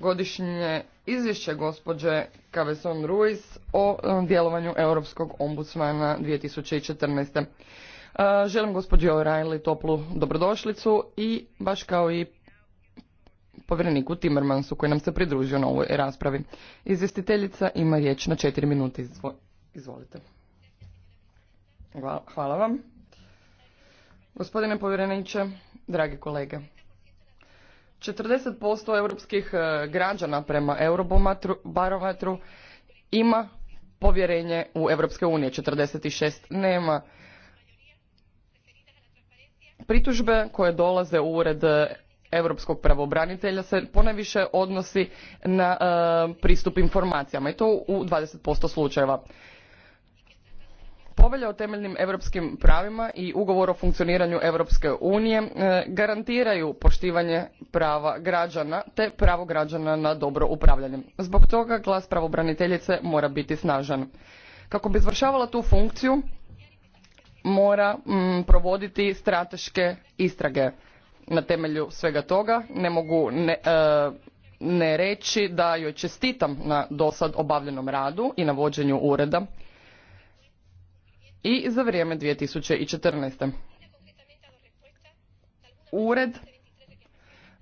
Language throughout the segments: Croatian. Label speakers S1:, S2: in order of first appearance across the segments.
S1: godišnje izvješće gospođe kaveson Ruiz o e, djelovanju Europskog ombudsmana 2014. E, želim gospođi O'Reilly toplu dobrodošlicu i baš kao i povjereniku Timmermansu koji nam se pridružio na ovoj raspravi. Izvjestiteljica ima riječ na četiri minute. izvolite. Hvala vam. Gospodine povjereniče, dragi kolege. 40% europskih e, građana prema eurobarometru ima povjerenje u Europske unije, 46 nema. Pritužbe koje dolaze u ured europskog pravobranitelja se ponajviše odnosi na e, pristup informacijama i to u 20% slučajeva. Povelja o temeljnim europskim pravima i ugovor o funkcioniranju Europske unije e, garantiraju poštivanje prava građana te pravo građana na dobro upravljanje. Zbog toga glas pravobraniteljice mora biti snažan. Kako bi izvršavala tu funkciju, mora mm, provoditi strateške istrage. Na temelju svega toga ne mogu ne, e, ne reći da joj čestitam na dosad obavljenom radu i na vođenju ureda i za vrijeme 2014. Ured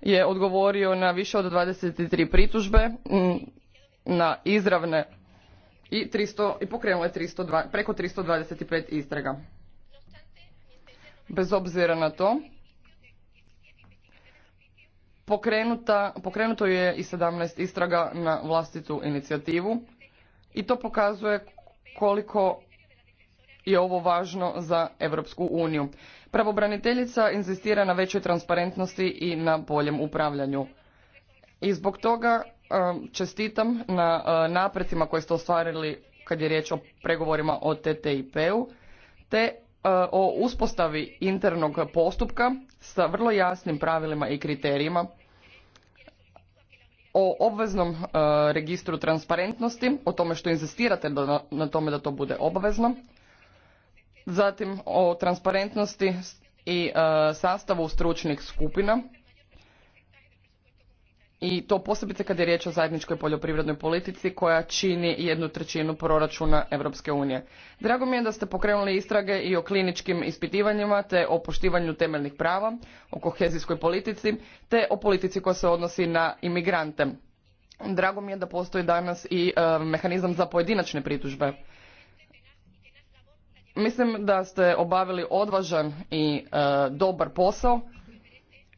S1: je odgovorio na više od 23 pritužbe na izravne i, 300, i pokrenulo je 302, preko 325 istraga. Bez obzira na to, pokrenuta, pokrenuto je i 17 istraga na vlastitu inicijativu i to pokazuje koliko je ovo važno za Europsku uniju. Pravobraniteljica inzistira na većoj transparentnosti i na boljem upravljanju. I zbog toga um, čestitam na uh, naprecima koje ste ostvarili kad je riječ o pregovorima o TTIP-u, te uh, o uspostavi internog postupka sa vrlo jasnim pravilima i kriterijima o obveznom uh, registru transparentnosti, o tome što inzistirate na tome da to bude obavezno zatim o transparentnosti i e, sastavu stručnih skupina i to posebice kad je riječ o zajedničkoj poljoprivrednoj politici koja čini jednu trećinu proračuna Europske unije. Drago mi je da ste pokrenuli istrage i o kliničkim ispitivanjima te o poštivanju temeljnih prava, o kohezijskoj politici te o politici koja se odnosi na imigrante. Drago mi je da postoji danas i e, mehanizam za pojedinačne pritužbe. Mislim da ste obavili odvažan i e, dobar posao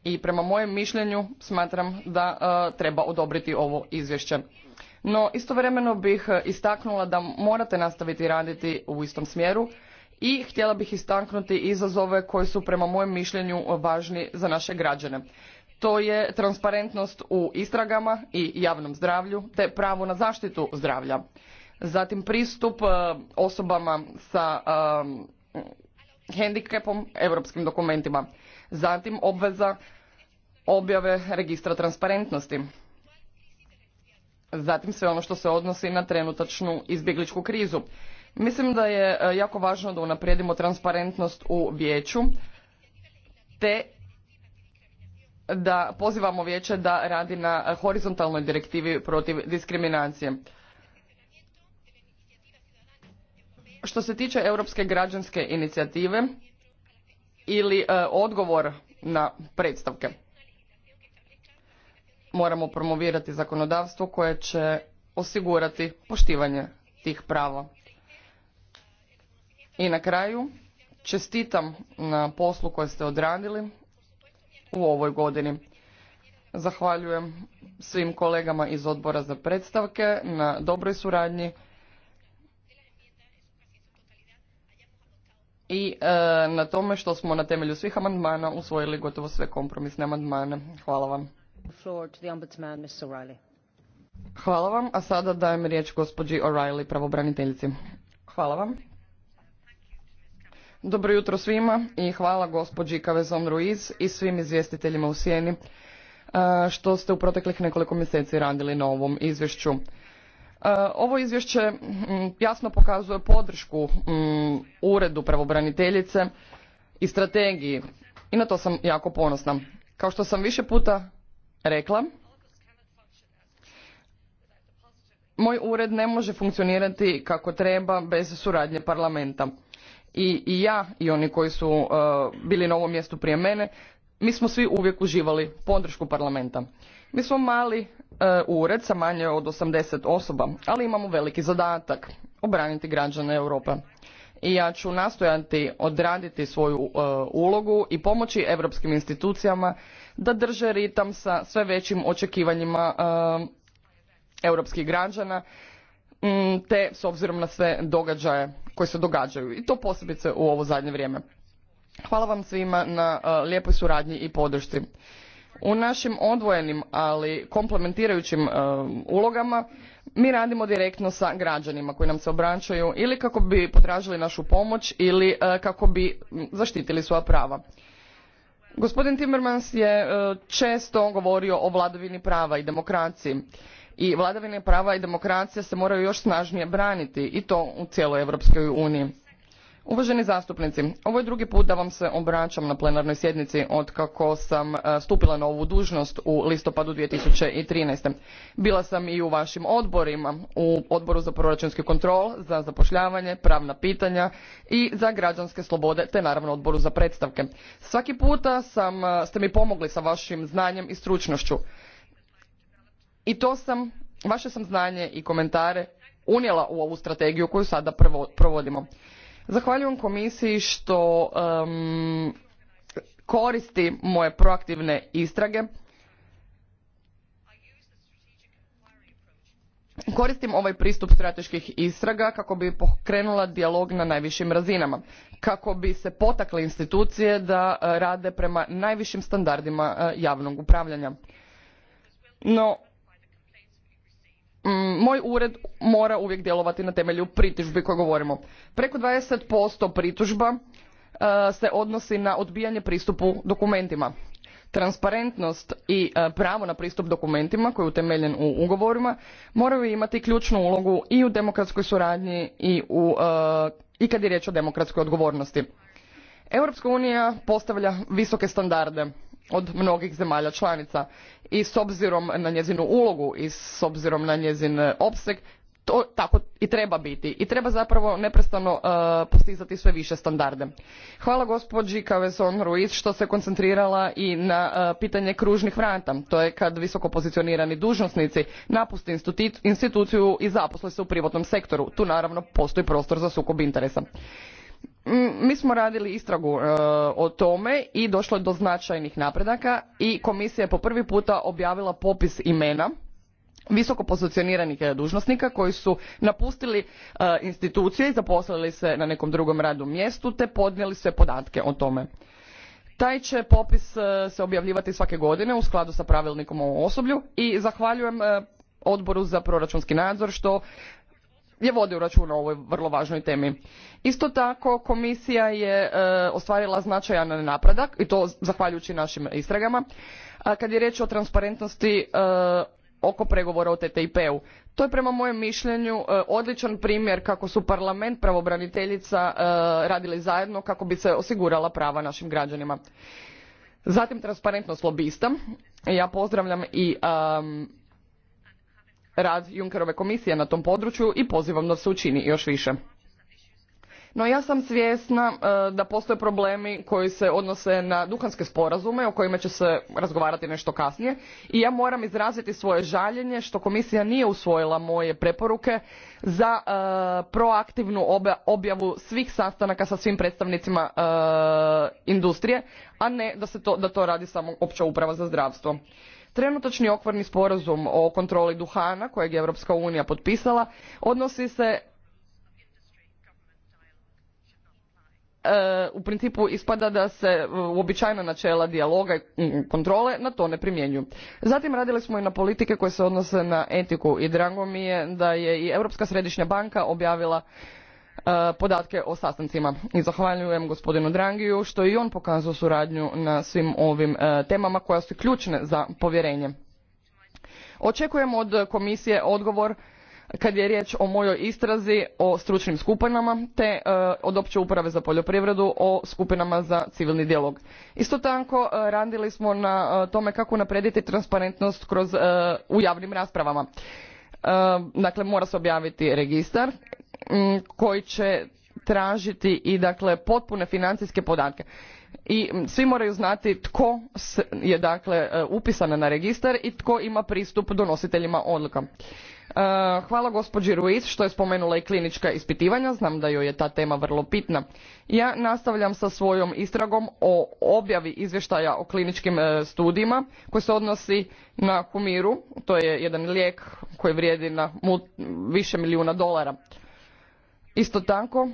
S1: i prema mojem mišljenju smatram da e, treba odobriti ovo izvješće. No istovremeno bih istaknula da morate nastaviti raditi u istom smjeru i htjela bih istaknuti izazove koji su prema mojem mišljenju važni za naše građane. To je transparentnost u istragama i javnom zdravlju te pravo na zaštitu zdravlja zatim pristup e, osobama sa e, hendikepom europskim dokumentima, zatim obveza objave registra transparentnosti, zatim sve ono što se odnosi na trenutačnu izbjegličku krizu. Mislim da je e, jako važno da unaprijedimo transparentnost u vijeću te da pozivamo vijeće da radi na horizontalnoj direktivi protiv diskriminacije. Što se tiče Europske građanske inicijative ili e, odgovor na predstavke, moramo promovirati zakonodavstvo koje će osigurati poštivanje tih prava. I na kraju, čestitam na poslu koje ste odradili u ovoj godini. Zahvaljujem svim kolegama iz odbora za predstavke na dobroj suradnji i e, na tome što smo na temelju svih amandmana usvojili gotovo sve kompromisne amandmane. Hvala vam. Hvala vam, a sada dajem riječ gospođi O'Reilly, pravobraniteljici. Hvala vam. Dobro jutro svima i hvala gospođi Kavezon Ruiz i svim izvjestiteljima u Sijeni e, što ste u proteklih nekoliko mjeseci radili na ovom izvješću. E, ovo izvješće mm, jasno pokazuje podršku mm, uredu pravobraniteljice i strategiji i na to sam jako ponosna. Kao što sam više puta rekla, moj ured ne može funkcionirati kako treba bez suradnje parlamenta. I, ja i oni koji su e, bili na ovom mjestu prije mene, mi smo svi uvijek uživali podršku parlamenta. Mi smo mali e, ured sa manje od 80 osoba, ali imamo veliki zadatak obraniti građane Europe. I ja ću nastojati odraditi svoju e, ulogu i pomoći europskim institucijama da drže ritam sa sve većim očekivanjima e, europskih građana te s obzirom na sve događaje koji se događaju i to posebice u ovo zadnje vrijeme. Hvala vam svima na e, lijepoj suradnji i podršci. U našim odvojenim, ali komplementirajućim e, ulogama mi radimo direktno sa građanima koji nam se obraćaju ili kako bi potražili našu pomoć ili e, kako bi zaštitili svoja prava. Gospodin Timmermans je e, često govorio o vladavini prava i demokraciji i vladavina prava i demokracija se moraju još snažnije braniti i to u cijeloj Europskoj uniji Uvaženi zastupnici, ovo je drugi put da vam se obraćam na plenarnoj sjednici od kako sam e, stupila na ovu dužnost u listopadu 2013. Bila sam i u vašim odborima, u odboru za proračunski kontrol, za zapošljavanje, pravna pitanja i za građanske slobode, te naravno odboru za predstavke. Svaki puta sam, e, ste mi pomogli sa vašim znanjem i stručnošću. I to sam, vaše sam znanje i komentare unijela u ovu strategiju koju sada provodimo. Zahvaljujem komisiji što koristi moje proaktivne istrage. Koristim ovaj pristup strateških istraga kako bi pokrenula dijalog na najvišim razinama, kako bi se potakle institucije da e, rade prema najvišim standardima e, javnog upravljanja. No, Mm, moj ured mora uvijek djelovati na temelju pritužbi koje govorimo. Preko 20% pritužba e, se odnosi na odbijanje pristupu dokumentima. Transparentnost i e, pravo na pristup dokumentima koji je utemeljen u ugovorima moraju imati ključnu ulogu i u demokratskoj suradnji i, u, e, i kad je riječ o demokratskoj odgovornosti. Europska unija postavlja visoke standarde od mnogih zemalja članica i s obzirom na njezinu ulogu i s obzirom na njezin e, opseg to tako i treba biti i treba zapravo neprestano e, postizati sve više standarde. Hvala gospođi Kaveson Ruiz što se koncentrirala i na e, pitanje kružnih vrata. To je kad visoko pozicionirani dužnosnici napuste instituciju i zaposle se u privatnom sektoru. Tu naravno postoji prostor za sukob interesa. Mm, mi smo radili istragu e, o tome i došlo je do značajnih napredaka i komisija je po prvi puta objavila popis imena visoko pozicioniranih e, dužnosnika koji su napustili e, institucije i zaposlili se na nekom drugom radnom mjestu te podnijeli sve podatke o tome. Taj će popis se objavljivati svake godine u skladu sa pravilnikom o osoblju i zahvaljujem odboru za proračunski nadzor što je vodio računa o ovoj vrlo važnoj temi. Isto tako komisija je e, ostvarila značajan napredak i to zahvaljujući našim istragama kad je riječ o transparentnosti e, oko pregovora o TTIP-u. To je prema mojem mišljenju e, odličan primjer kako su parlament pravobraniteljica radili zajedno kako bi se osigurala prava našim građanima. Zatim transparentnost lobista. Ja pozdravljam i rad Junckerove komisije na tom području i pozivam da se učini još više. No ja sam svjesna e, da postoje problemi koji se odnose na duhanske sporazume o kojima će se razgovarati nešto kasnije i ja moram izraziti svoje žaljenje što komisija nije usvojila moje preporuke za e, proaktivnu objavu svih sastanaka sa svim predstavnicima e, industrije, a ne da, se da to radi samo opća uprava za zdravstvo. Trenutačni okvirni sporazum o kontroli duhana kojeg je Europska unija potpisala odnosi se e, u principu ispada da se uobičajena načela dijaloga i mm, kontrole na to ne primjenjuju. Zatim radili smo i na politike koje se odnose na etiku i drago mi je da je i Europska središnja banka objavila E, podatke o sastancima. I zahvaljujem gospodinu Drangiju što i on pokazao suradnju na svim ovim e, temama koja su ključne za povjerenje. Očekujem od komisije odgovor kad je riječ o mojoj istrazi o stručnim skupinama te e, od opće uprave za poljoprivredu o skupinama za civilni dijalog. Isto tako radili smo na tome kako naprediti transparentnost kroz, u javnim raspravama. Dakle, mora se objaviti registar Mm, koji će tražiti i dakle potpune financijske podatke i mm, svi moraju znati tko je dakle e, upisan na registar i tko ima pristup donositeljima odluka. E, hvala gospođi Ruiz što je spomenula i klinička ispitivanja, znam da joj je ta tema vrlo pitna. Ja nastavljam sa svojom istragom o objavi izvještaja o kliničkim e, studijima koji se odnosi na Humiru, to je jedan lijek koji vrijedi na više milijuna dolara. Isto tako, e,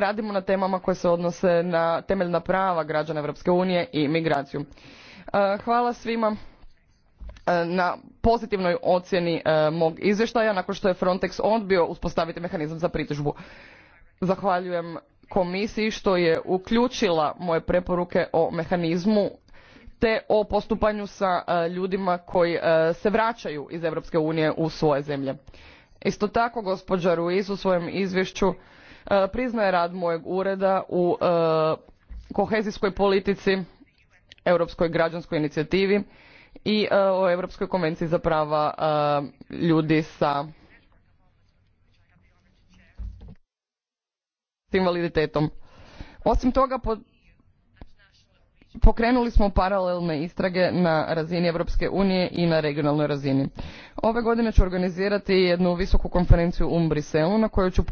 S1: radimo na temama koje se odnose na temeljna prava građana Europske unije i migraciju. E, hvala svima e, na pozitivnoj ocjeni mog izvještaja nakon što je Frontex odbio uspostaviti mehanizam za pritužbu. Zahvaljujem komisiji što je uključila moje preporuke o mehanizmu te o postupanju sa ljudima koji se vraćaju iz Europske unije u svoje zemlje. Isto tako, gospođa Ruiz u svojem izvješću e, priznaje rad mojeg ureda u e, kohezijskoj politici, europskoj građanskoj inicijativi i e, o Europskoj konvenciji za prava ljudi sa invaliditetom. Osim toga, Pokrenuli smo paralelne istrage na razini Europske unije i na regionalnoj razini. Ove godine ću organizirati jednu visoku konferenciju u Briselu na kojoj ću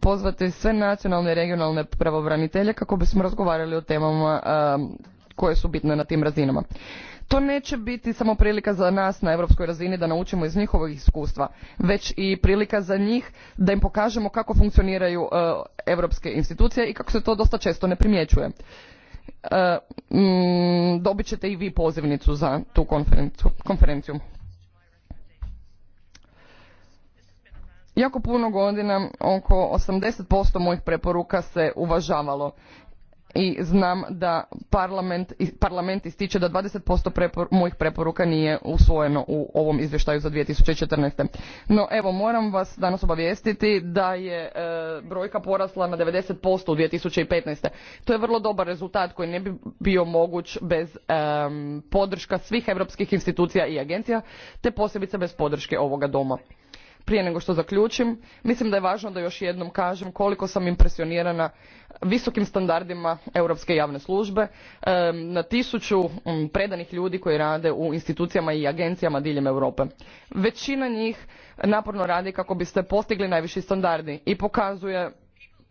S1: pozvati sve nacionalne i regionalne pravobranitelje kako bismo razgovarali o temama koje su bitne na tim razinama. To neće biti samo prilika za nas na europskoj razini da naučimo iz njihovog iskustva, već i prilika za njih da im pokažemo kako funkcioniraju evropske europske institucije i kako se to dosta često ne primjećuje. Mm, dobit ćete i vi pozivnicu za tu konferenciju. Jako puno godina, oko 80% mojih preporuka se uvažavalo i znam da parlament, ističe da 20% mojih preporuka nije usvojeno u ovom izvještaju za 2014. No evo moram vas danas obavijestiti da je e, brojka porasla na 90% u 2015. To je vrlo dobar rezultat koji ne bi bio moguć bez e, podrška svih europskih institucija i agencija te posebice bez podrške ovoga doma prije nego što zaključim mislim da je važno da još jednom kažem koliko sam impresionirana visokim standardima europske javne službe na tisuću mm, predanih ljudi koji rade u institucijama i agencijama diljem europe većina njih naporno radi kako biste postigli najviši standardi i pokazuje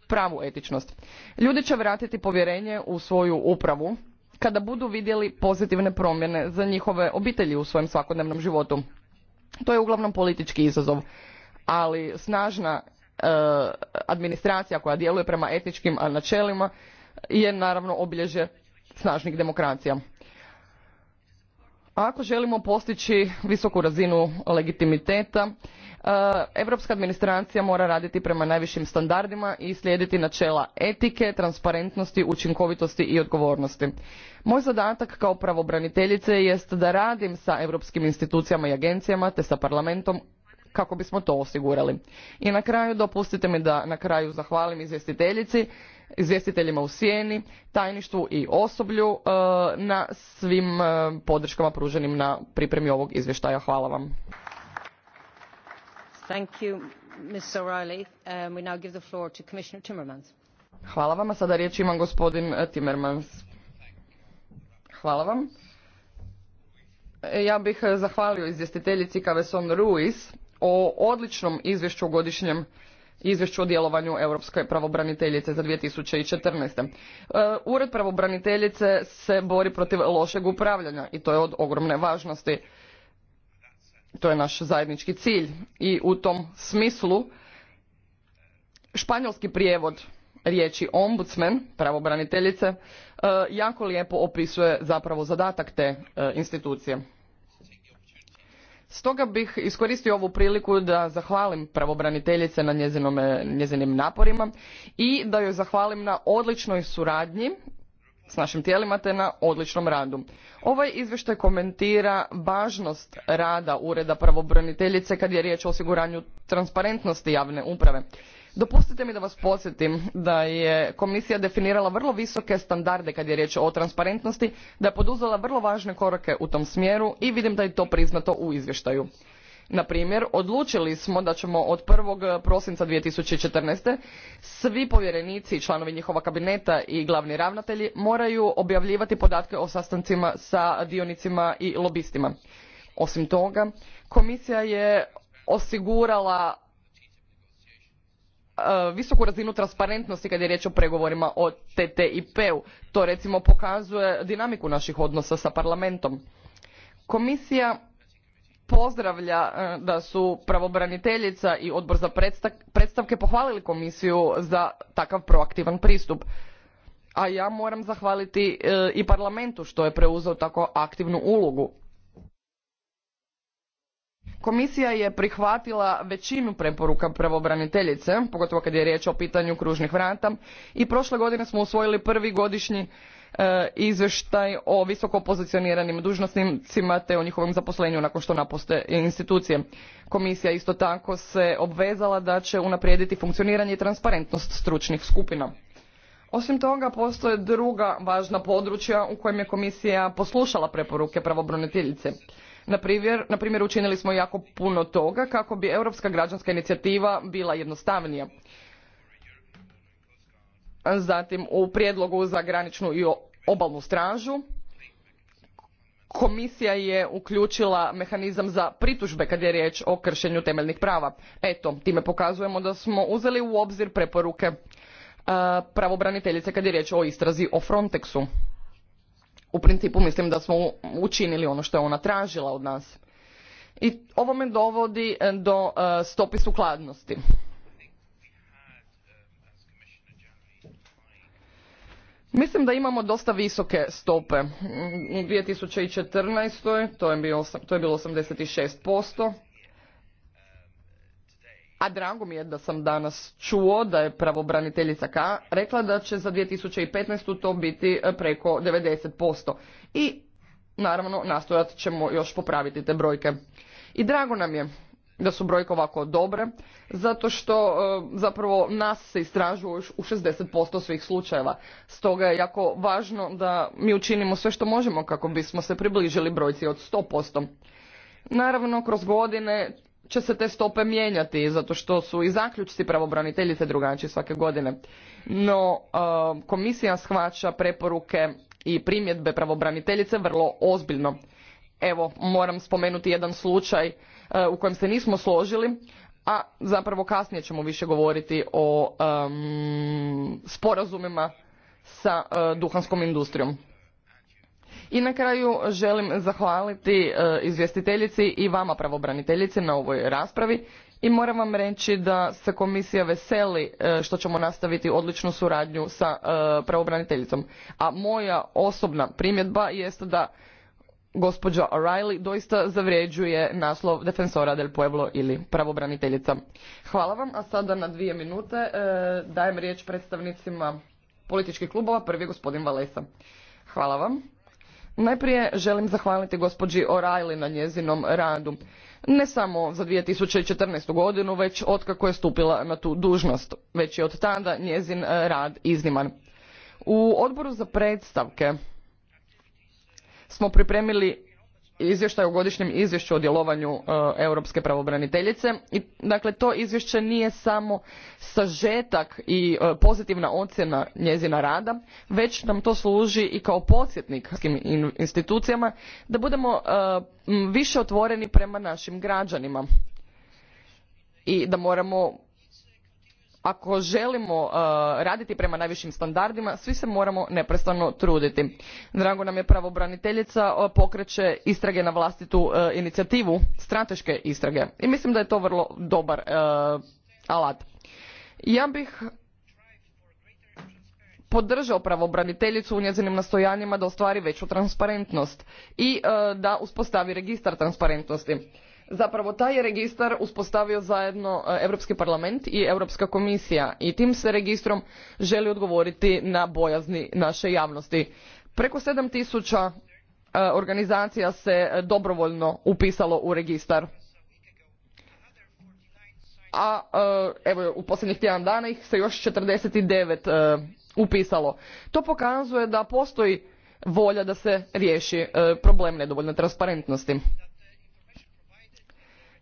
S1: pravu etičnost ljudi će vratiti povjerenje u svoju upravu kada budu vidjeli pozitivne promjene za njihove obitelji u svojem svakodnevnom životu to je uglavnom politički izazov ali snažna e, administracija koja djeluje prema etničkim načelima je naravno obilježje snažnih demokracija. ako želimo postići visoku razinu legitimiteta, europska administracija mora raditi prema najvišim standardima i slijediti načela etike, transparentnosti, učinkovitosti i odgovornosti. Moj zadatak kao pravobraniteljice jest da radim sa europskim institucijama i agencijama te sa parlamentom kako bismo to osigurali. I na kraju dopustite mi da na kraju zahvalim izvjestiteljici, izvjestiteljima u sjeni, tajništvu i osoblju e, na svim e, podrškama pruženim na pripremi ovog izvještaja. Hvala vam. Hvala vam, a sada riječ imam gospodin e, Timmermans. Hvala vam. Ja bih zahvalio izvjestiteljici Kaveson Ruiz o odličnom izvješću o godišnjem izvješću o djelovanju Europske pravobraniteljice za 2014. E, Ured pravobraniteljice se bori protiv lošeg upravljanja i to je od ogromne važnosti. To je naš zajednički cilj i u tom smislu španjolski prijevod riječi ombudsman, pravobraniteljice, e, jako lijepo opisuje zapravo zadatak te e, institucije. Stoga bih iskoristio ovu priliku da zahvalim pravobraniteljice na njezinim naporima i da joj zahvalim na odličnoj suradnji s našim tijelima te na odličnom radu. Ovaj izvještaj komentira važnost rada Ureda pravobraniteljice kad je riječ o osiguranju transparentnosti javne uprave. Dopustite mi da vas podsjetim da je komisija definirala vrlo visoke standarde kad je riječ o transparentnosti, da je poduzela vrlo važne korake u tom smjeru i vidim da je to priznato u izvještaju. Na primjer, odlučili smo da ćemo od 1. prosinca 2014. svi povjerenici, članovi njihova kabineta i glavni ravnatelji moraju objavljivati podatke o sastancima sa dionicima i lobistima. Osim toga, komisija je osigurala E, visoku razinu transparentnosti kad je riječ o pregovorima o TTIP-u. To recimo pokazuje dinamiku naših odnosa sa parlamentom. Komisija pozdravlja e, da su pravobraniteljica i odbor za predstavke pohvalili komisiju za takav proaktivan pristup a ja moram zahvaliti e, i parlamentu što je preuzeo tako aktivnu ulogu Komisija je prihvatila većinu preporuka pravobraniteljice, pogotovo kad je riječ o pitanju kružnih vrata i prošle godine smo usvojili prvi godišnji e, izvještaj o visoko pozicioniranim dužnosnicima te o njihovom zaposlenju nakon što napuste institucije. Komisija isto tako se obvezala da će unaprijediti funkcioniranje i transparentnost stručnih skupina. Osim toga, postoje druga važna područja u kojem je komisija poslušala preporuke pravobraniteljice. Na primjer, učinili smo jako puno toga kako bi europska građanska inicijativa bila jednostavnija. Zatim u prijedlogu za graničnu i obalnu stražu komisija je uključila mehanizam za pritužbe kad je riječ o kršenju temeljnih prava. Eto, time pokazujemo da smo uzeli u obzir preporuke pravobraniteljice kad je riječ o istrazi o Frontexu u principu mislim da smo učinili ono što je ona tražila od nas. I ovo me dovodi e, do e, stopi sukladnosti. Mislim da imamo dosta visoke stope. U 2014. to je bilo 86% a drago mi je da sam danas čuo da je pravobraniteljica K rekla da će za 2015. to biti e, preko 90%. I naravno nastojat ćemo još popraviti te brojke. I drago nam je da su brojke ovako dobre, zato što e, zapravo nas se istražuju u 60% svih slučajeva. Stoga je jako važno da mi učinimo sve što možemo kako bismo se približili brojci od 100%. Naravno, kroz godine će se te stope mijenjati zato što su i zaključci pravobraniteljice drugačiji svake godine. No, e, komisija shvaća preporuke i primjedbe pravobraniteljice vrlo ozbiljno. Evo, moram spomenuti jedan slučaj e, u kojem se nismo složili, a zapravo kasnije ćemo više govoriti o sporazumima sa e, duhanskom industrijom. I na kraju želim zahvaliti e, izvjestiteljici i vama pravobraniteljici na ovoj raspravi i moram vam reći da se komisija veseli e, što ćemo nastaviti odličnu suradnju sa e, pravobraniteljicom. A moja osobna primjedba jest da gospođa O'Reilly doista zavređuje naslov Defensora del Pueblo ili pravobraniteljica. Hvala vam, a sada na dvije minute dajem riječ predstavnicima političkih klubova, prvi je gospodin Valesa. Hvala vam. Najprije želim zahvaliti gospođi O'Reilly na njezinom radu. Ne samo za 2014. godinu, već otkako je stupila na tu dužnost. Već je od tada njezin e, rad izniman. U odboru za predstavke smo pripremili izvještaj o godišnjem izvješću o djelovanju e, europske pravobraniteljice i dakle to izvješće nije samo sažetak i e, pozitivna ocjena njezina rada već nam to služi i kao podsjetnik institucijama da budemo e, više otvoreni prema našim građanima i da moramo ako želimo uh, raditi prema najvišim standardima svi se moramo neprestano truditi drago nam je pravobraniteljica uh, pokreće istrage na vlastitu uh, inicijativu strateške istrage i mislim da je to vrlo dobar alat ja bih podržao pravobraniteljicu u njezinim nastojanjima da ostvari veću transparentnost i da uspostavi registar transparentnosti Zapravo taj je registar uspostavio zajedno Europski parlament i Europska komisija i tim se registrom želi odgovoriti na bojazni naše javnosti. Preko 7000 e, organizacija se e, dobrovoljno upisalo u registar. A e, evo u posljednjih tjedan dana ih se još 49 upisalo. To pokazuje da postoji volja da se riješi problem nedovoljne transparentnosti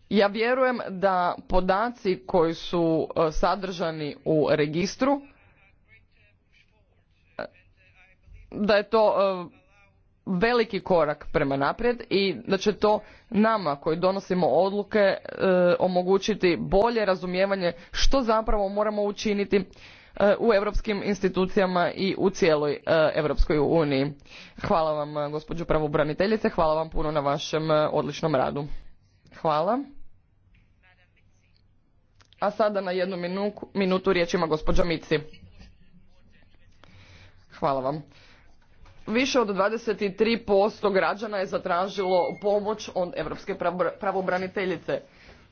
S1: ja vjerujem da podaci koji su e, sadržani u registru e, da je to e, veliki korak prema naprijed i da će to nama koji donosimo odluke omogućiti bolje razumijevanje što zapravo moramo učiniti u europskim institucijama i u cijeloj europskoj uniji. Hvala vam gospođo pravobraniteljice, hvala vam puno na vašem odličnom radu. Hvala. A sada na jednu minutu, minutu riječ ima gospođa Mici. Hvala vam. Više od 23% građana je zatražilo pomoć od Europske pravobraniteljice.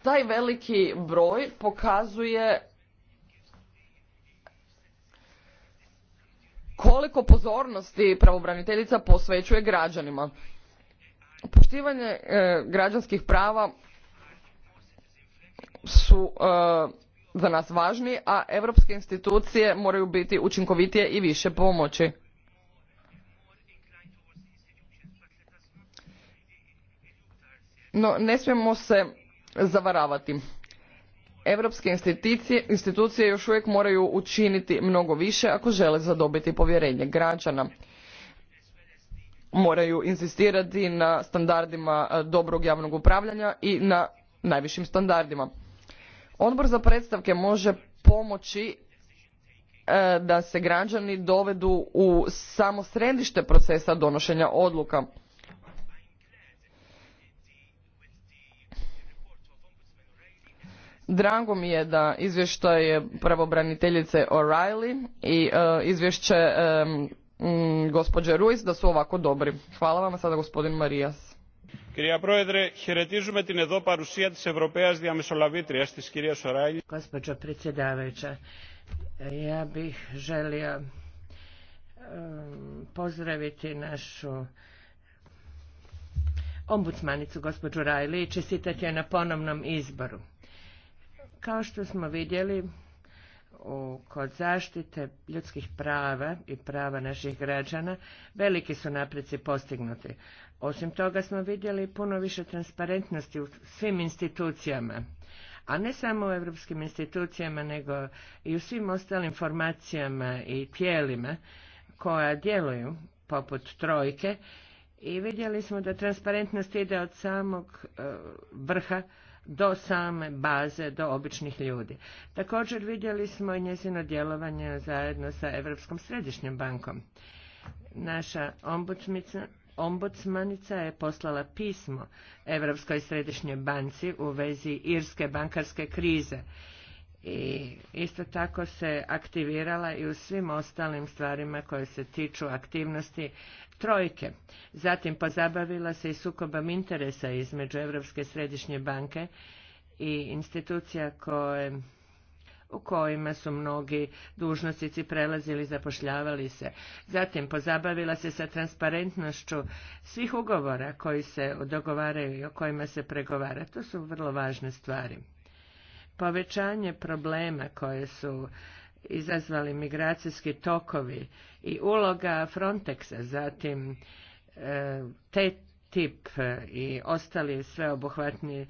S1: Taj veliki broj pokazuje koliko pozornosti pravobraniteljica posvećuje građanima. Poštivanje e, građanskih prava su e, za nas važni, a europske institucije moraju biti učinkovitije i više pomoći. No, ne smijemo se zavaravati. Europske institucije, institucije još uvijek moraju učiniti mnogo više ako žele zadobiti povjerenje građana. Moraju insistirati na standardima e, dobrog javnog upravljanja i na najvišim standardima. Odbor za predstavke može pomoći e, da se građani dovedu u samo središte procesa donošenja odluka. Drago mi je da je pravobraniteljice O'Reilly i e, izvješće gospođe Ruiz da su ovako dobri. Hvala vam, sada gospodin Marijas.
S2: Krija Proedre, χαιρετίζουμε την εδώ παρουσία της Ευρωπαίας Διαμεσολαβήτριας της κυρίας Σοράγη.
S1: Gospođo predsjedavajuća,
S3: ja bih želio pozdraviti našu ombudsmanicu gospođu Rajli i čestitati je na ponovnom izboru. Kao što smo vidjeli, u, kod zaštite ljudskih prava i prava naših građana veliki su napreci postignuti. Osim toga smo vidjeli puno više transparentnosti u svim institucijama, a ne samo u europskim institucijama, nego i u svim ostalim formacijama i tijelima koja djeluju poput trojke i vidjeli smo da transparentnost ide od samog e, vrha do same baze, do običnih ljudi. Također vidjeli smo i njezino djelovanje zajedno sa Europskom središnjom bankom. Naša ombudsmica ombudsmanica je poslala pismo Europskoj središnjoj banci u vezi irske bankarske krize i isto tako se aktivirala i u svim ostalim stvarima koje se tiču aktivnosti trojke. Zatim pozabavila se i sukobom interesa između Europske središnje banke i institucija koje u kojima su mnogi dužnosnici prelazili, zapošljavali se. Zatim pozabavila se sa transparentnošću svih ugovora koji se dogovaraju i o kojima se pregovara. To su vrlo važne stvari. Povećanje problema koje su izazvali migracijski tokovi i uloga Frontexa, zatim te tip i ostali sveobuhvatni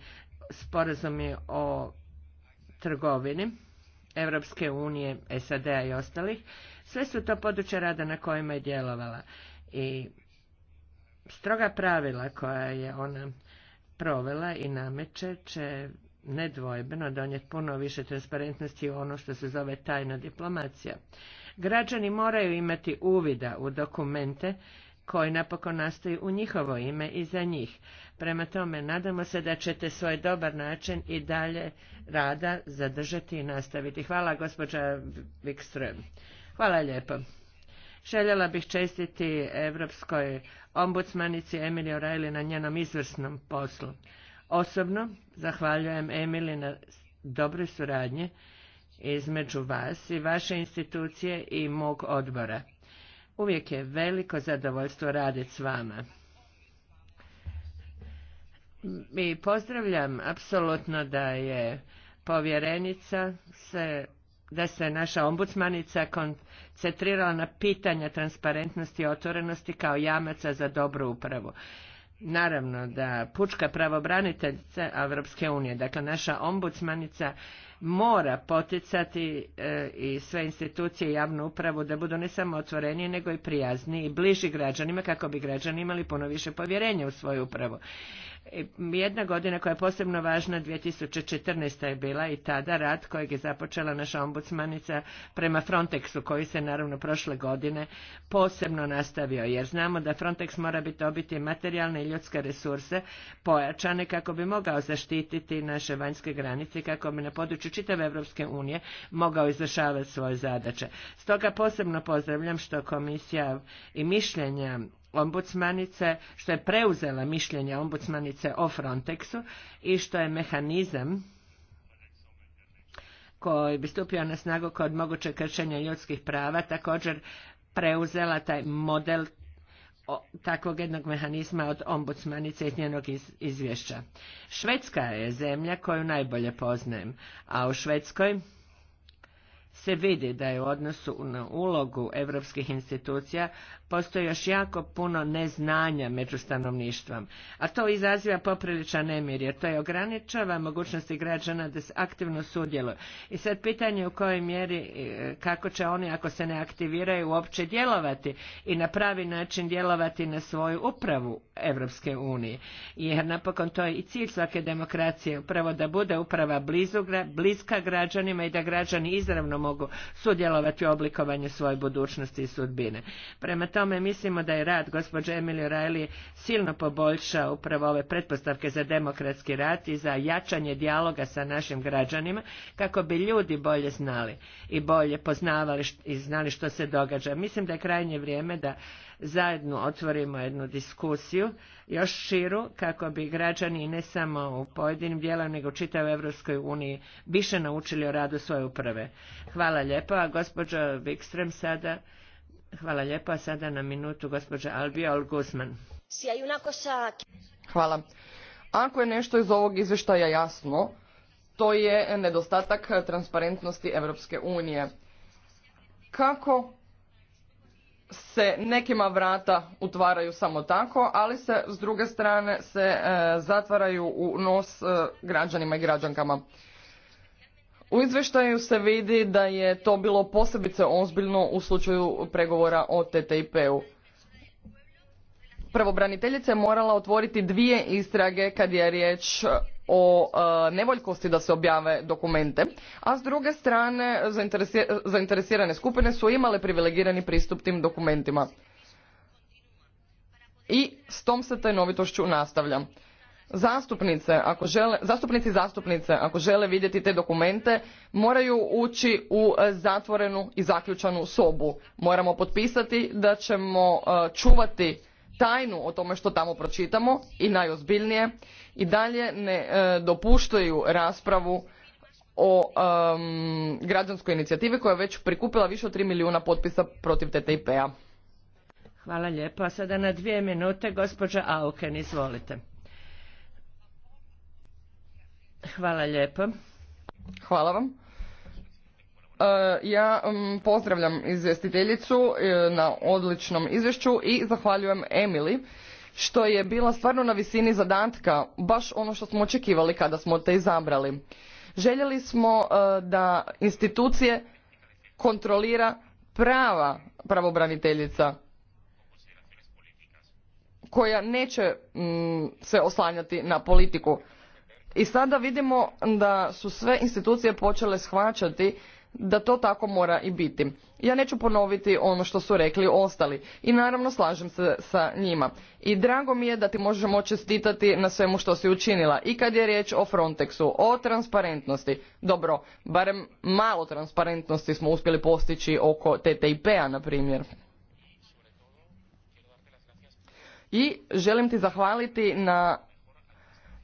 S3: sporazumi o trgovini Evropske unije, SAD-a i ostalih, sve su to područja rada na kojima je djelovala. I stroga pravila koja je ona provela i nameće će nedvojbeno donijeti puno više transparentnosti u ono što se zove tajna diplomacija. Građani moraju imati uvida u dokumente koji napokon nastaju u njihovo ime i za njih. Prema tome, nadamo se da ćete svoj dobar način i dalje rada zadržati i nastaviti. Hvala, gospođa Wikström. Hvala lijepo. Željela bih čestiti Evropskoj ombudsmanici Emilio Rajli na njenom izvrsnom poslu. Osobno zahvaljujem Emili na dobroj suradnji između vas i vaše institucije i mog odbora. Uvijek je veliko zadovoljstvo raditi s vama. I pozdravljam apsolutno da je povjerenica se da se naša ombudsmanica koncentrirala na pitanja transparentnosti i otvorenosti kao jamaca za dobru upravu. Naravno da pučka pravobraniteljica Evropske unije, dakle naša ombudsmanica, mora poticati e, i sve institucije i javnu upravu da budu ne samo otvorenije nego i prijazniji i bliži građanima kako bi građani imali puno više povjerenja u svoju upravu. Jedna godina koja je posebno važna, 2014. je bila i tada rad kojeg je započela naša ombudsmanica prema Frontexu, koji se naravno prošle godine posebno nastavio, jer znamo da Frontex mora biti dobiti materijalne i ljudske resurse pojačane kako bi mogao zaštititi naše vanjske granice, kako bi na području čitave Evropske unije mogao izvršavati svoje zadaće. Stoga posebno pozdravljam što komisija i mišljenja ombudsmanice, što je preuzela mišljenje ombudsmanice o Frontexu i što je mehanizam koji bi stupio na snagu kod moguće kršenja ljudskih prava također preuzela taj model takvog jednog mehanizma od ombudsmanice iz njenog izvješća. Švedska je zemlja koju najbolje poznajem, a u Švedskoj se vidi da je u odnosu na ulogu europskih institucija postoji još jako puno neznanja među stanovništvom, a to izaziva popriličan nemir, jer to je ograničava mogućnosti građana da se aktivno sudjeluju. I sad pitanje u kojoj mjeri, e, kako će oni ako se ne aktiviraju uopće djelovati i na pravi način djelovati na svoju upravu Evropske unije. Jer napokon to je i cilj svake demokracije, upravo da bude uprava blizu, bliska građanima i da građani izravno mogu mogu sudjelovati u oblikovanju svoje budućnosti i sudbine. Prema tome mislimo da je rad gospođe Emilio Rajli silno poboljša upravo ove pretpostavke za demokratski rad i za jačanje dijaloga sa našim građanima kako bi ljudi bolje znali i bolje poznavali i znali što se događa. Mislim da je krajnje vrijeme da zajedno otvorimo jednu diskusiju, još širu, kako bi građani ne samo u pojedinim dijelom, nego čitavoj Evropskoj uniji više naučili o radu svoje uprave. Hvala lijepo, a gospođo Wikström sada, hvala lijepo, a sada na minutu gospođa
S1: Albiol Guzman. Hvala. Ako je nešto iz ovog izvještaja jasno, to je nedostatak transparentnosti Europske unije. Kako se nekima vrata utvaraju samo tako, ali se s druge strane se e, zatvaraju u nos e, građanima i građankama. U izvještaju se vidi da je to bilo posebice ozbiljno u slučaju pregovora o TTIP-u. Pravobraniteljica je morala otvoriti dvije istrage kad je riječ o e, nevoljkosti da se objave dokumente, a s druge strane zainteresirane skupine su imale privilegirani pristup tim dokumentima. I s tom se novitošću nastavlja. Zastupnice, ako žele, zastupnici i zastupnice, ako žele vidjeti te dokumente, moraju ući u zatvorenu i zaključanu sobu. Moramo potpisati da ćemo e, čuvati tajnu o tome što tamo pročitamo i najozbiljnije i dalje ne e, dopuštaju raspravu o građanskoj inicijativi koja je već prikupila više od 3 milijuna potpisa protiv TTIP-a. Hvala lijepo. A sada na dvije minute gospođa Auken, izvolite. Hvala lijepo. Hvala vam. E, ja mm, pozdravljam izvjestiteljicu e, na odličnom izvješću i zahvaljujem Emily što je bila stvarno na visini zadatka, baš ono što smo očekivali kada smo te izabrali. Željeli smo e, da institucije kontrolira prava pravobraniteljica koja neće mm, se oslanjati na politiku. I sada vidimo da su sve institucije počele shvaćati da to tako mora i biti. Ja neću ponoviti ono što su rekli ostali i naravno slažem se sa njima. I drago mi je da ti možemo čestitati na svemu što si učinila i kad je riječ o Frontexu, o transparentnosti. Dobro, barem malo transparentnosti smo uspjeli postići oko TTIP-a, na primjer. I želim ti zahvaliti na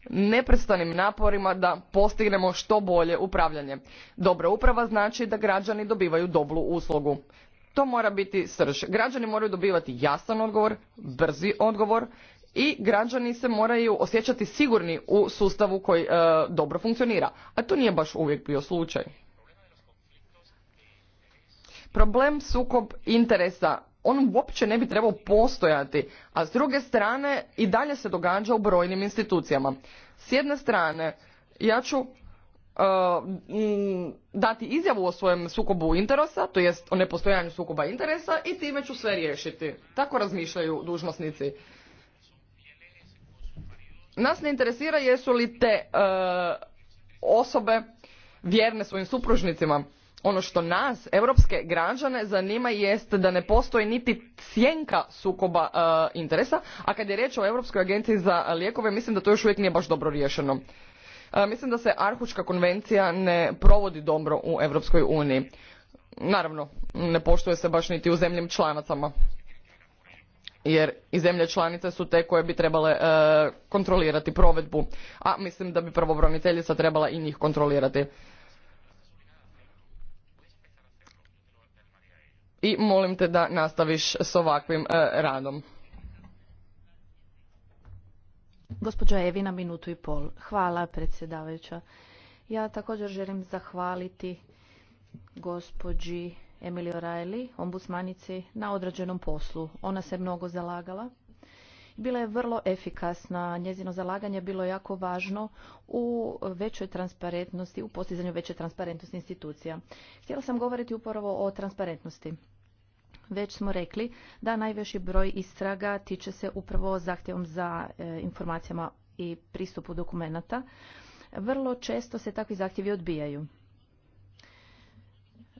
S1: neprestanim naporima da postignemo što bolje upravljanje. Dobra uprava znači da građani dobivaju dobru uslugu. To mora biti srž. Građani moraju dobivati jasan odgovor, brzi odgovor i građani se moraju osjećati sigurni u sustavu koji e, dobro funkcionira. A to nije baš uvijek bio slučaj. Problem sukob interesa on uopće ne bi trebao postojati, a s druge strane i dalje se događa u brojnim institucijama. S jedne strane, ja ću e, dati izjavu o svojem sukobu interesa, to jest o nepostojanju sukoba interesa i time ću sve riješiti. Tako razmišljaju dužnosnici. Nas ne interesira jesu li te e, osobe vjerne svojim supružnicima ono što nas, europske građane, zanima jest da ne postoji niti sjenka sukoba e, interesa, a kad je riječ o Europskoj agenciji za lijekove, mislim da to još uvijek nije baš dobro riješeno. E, mislim da se Arhuška konvencija ne provodi dobro u Europskoj uniji. Naravno, ne poštuje se baš niti u zemljama članicama. Jer i zemlje članice su te koje bi trebale e, kontrolirati provedbu, a mislim da bi pravobraniteljica trebala i njih kontrolirati. i molim te da nastaviš s ovakvim e, radom.
S4: Gospođa Evina, minutu i pol. Hvala, predsjedavajuća. Ja također želim zahvaliti gospođi Emilio Rajli, ombudsmanici, na odrađenom poslu. Ona se mnogo zalagala. Bila je vrlo efikasna, njezino zalaganje je bilo jako važno u većoj transparentnosti, u postizanju veće transparentnosti institucija. Htjela sam govoriti upravo o transparentnosti već smo rekli da najveći broj istraga tiče se upravo zahtjevom za e, informacijama i pristupu dokumentata. Vrlo često se takvi zahtjevi odbijaju.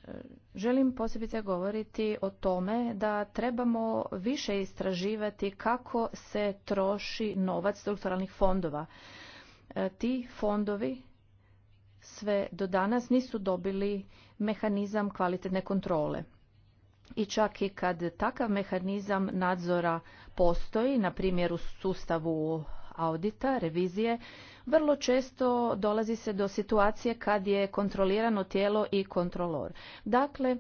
S4: E, želim posebice govoriti o tome da trebamo više istraživati kako se troši novac strukturalnih fondova. E, ti fondovi sve do danas nisu dobili mehanizam kvalitetne kontrole i čak i kad takav mehanizam nadzora postoji, na primjer u sustavu audita, revizije, vrlo često dolazi se do situacije kad je kontrolirano tijelo i kontrolor. Dakle,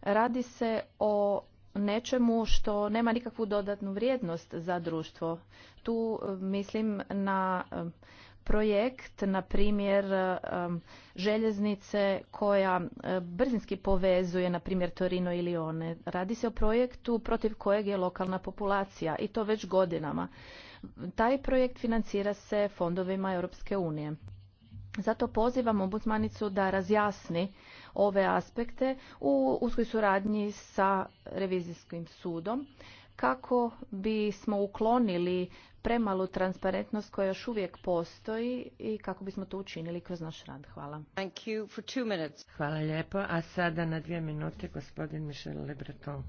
S4: radi se o nečemu što nema nikakvu dodatnu vrijednost za društvo. Tu e, mislim na e, projekt, na primjer željeznice koja brzinski povezuje, na primjer Torino ili one. Radi se o projektu protiv kojeg je lokalna populacija i to već godinama. Taj projekt financira se fondovima Europske unije. Zato pozivam ombudsmanicu da razjasni ove aspekte u uskoj suradnji sa revizijskim sudom kako bismo uklonili premalu transparentnost koja još uvijek postoji i kako bismo to učinili kroz naš rad. Hvala.
S3: Thank you for two minutes. Hvala lijepo. A sada na dvije minute gospodin Michel Lebreton.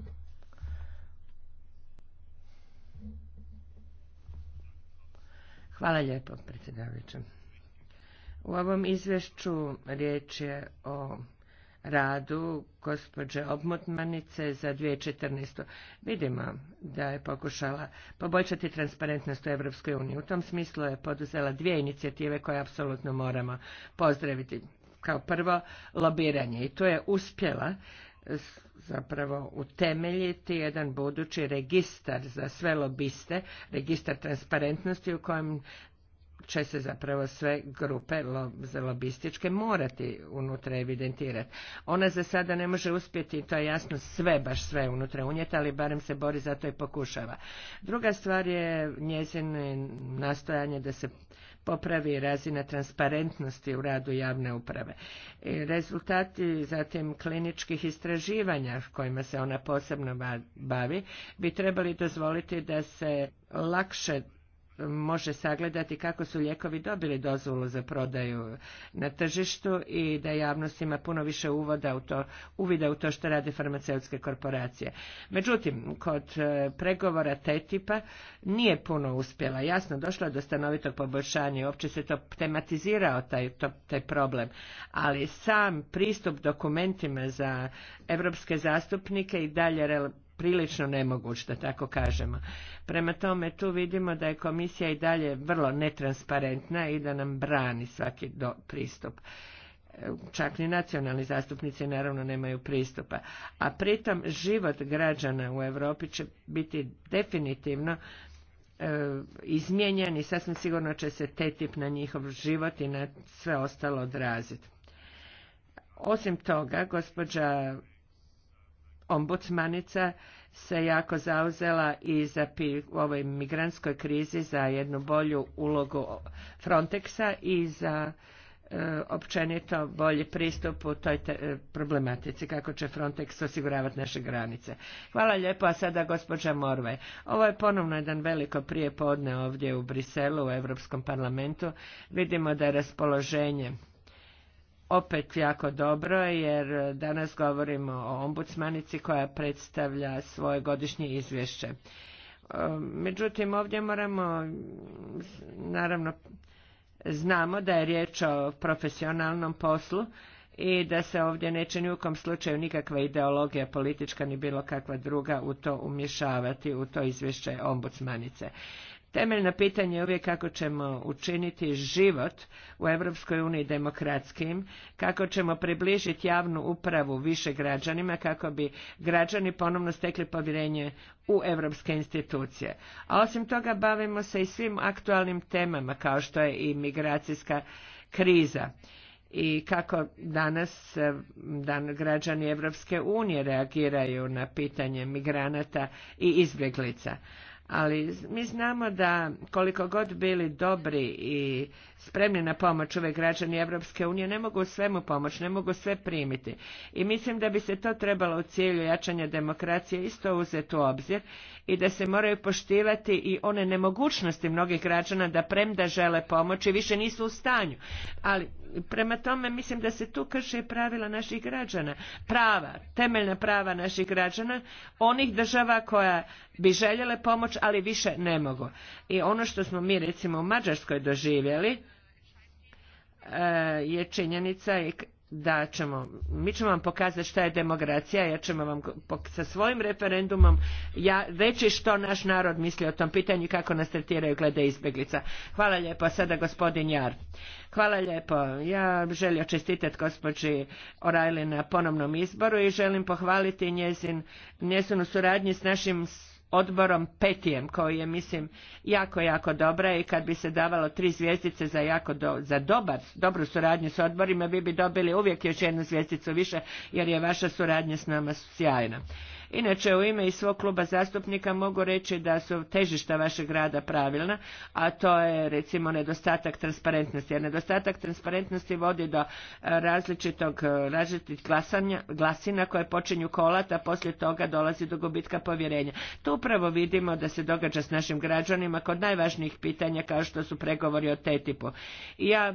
S3: Hvala lijepo, predsjedavajući U ovom izvješću riječ je o radu gospođe Obmotmanice za 2014. Vidimo da je pokušala poboljšati transparentnost u Europskoj uniji. U tom smislu je poduzela dvije inicijative koje apsolutno moramo pozdraviti. Kao prvo, lobiranje. I to je uspjela zapravo utemeljiti jedan budući registar za sve lobiste, registar transparentnosti u kojem će se zapravo sve grupe za lobističke morati unutra evidentirati. Ona za sada ne može uspjeti, to je jasno, sve, baš sve unutra unijeti, ali barem se bori, zato i pokušava. Druga stvar je njezin nastojanje da se popravi razina transparentnosti u radu javne uprave. E, rezultati zatim kliničkih istraživanja kojima se ona posebno bavi bi trebali dozvoliti da se lakše može sagledati kako su lijekovi dobili dozvolu za prodaju na tržištu i da javnost ima puno više uvoda u to, uvida u to što rade farmaceutske korporacije. Međutim, kod e, pregovora te a nije puno uspjela. Jasno, došlo je do stanovitog poboljšanja i uopće se to tematizirao taj, taj problem, ali sam pristup dokumentima za evropske zastupnike i dalje prilično nemoguć, da tako kažemo. Prema tome, tu vidimo da je komisija i dalje vrlo netransparentna i da nam brani svaki pristup čak ni nacionalni zastupnici naravno nemaju pristupa. A pritom život građana u Europi će biti definitivno e, izmijenjen i sasvim sigurno će se te tip na njihov život i na sve ostalo odraziti. Osim toga, gospođa ombudsmanica se jako zauzela i za u ovoj migrantskoj krizi za jednu bolju ulogu Frontexa i za e, općenito bolji pristup u toj te, e, problematici kako će Frontex osiguravati naše granice. Hvala lijepo, a sada gospođa Morvaj. Ovo je ponovno jedan veliko prijepodne ovdje u Briselu, u Europskom parlamentu. Vidimo da je raspoloženje opet jako dobro jer danas govorimo o ombudsmanici koja predstavlja svoje godišnje izvješće. E, međutim, ovdje moramo, naravno, znamo da je riječ o profesionalnom poslu i da se ovdje neće ni u kom slučaju nikakva ideologija politička ni bilo kakva druga u to umješavati, u to izvješće ombudsmanice. Temeljno pitanje je uvijek kako ćemo učiniti život u Europskoj uniji demokratskim, kako ćemo približiti javnu upravu više građanima, kako bi građani ponovno stekli povjerenje u europske institucije. A osim toga bavimo se i svim aktualnim temama kao što je i migracijska kriza i kako danas e, dan građani Europske unije reagiraju na pitanje migranata i izbjeglica ali mi znamo da koliko god bili dobri i spremni na pomoć uvek građani Evropske unije ne mogu svemu pomoć, ne mogu sve primiti. I mislim da bi se to trebalo u cilju jačanja demokracije isto uzeti u obzir i da se moraju poštivati i one nemogućnosti mnogih građana da premda žele pomoći više nisu u stanju. Ali prema tome mislim da se tu krše pravila naših građana, prava, temeljna prava naših građana, onih država koja bi željele pomoć, ali više ne mogu. I ono što smo mi recimo u Mađarskoj doživjeli, Eh, je činjenica da ćemo, mi ćemo vam pokazati šta je demokracija, ja ćemo vam sa svojim referendumom ja, reći što naš narod misli o tom pitanju i kako nas tretiraju glede izbjeglica. Hvala lijepo, sada gospodin Jar. Hvala lijepo. Ja želim čestitati gospođi Orajli na ponovnom izboru i želim pohvaliti njezin, njezinu suradnju s našim odborom Petijem koji je mislim jako, jako dobra i kad bi se davalo tri zvjezdice za jako do, za dobar, dobru suradnju s odborima vi bi dobili uvijek još jednu zvjezdicu više jer je vaša suradnja s nama sjajna. Inače, u ime i svog kluba zastupnika mogu reći da su težišta vašeg rada pravilna, a to je recimo nedostatak transparentnosti. Jer nedostatak transparentnosti vodi do e, različitog, e, različitih glasanja, glasina koje počinju kolat, a poslije toga dolazi do gubitka povjerenja. Tu upravo vidimo da se događa s našim građanima kod najvažnijih pitanja kao što su pregovori o TTIP-u. Ja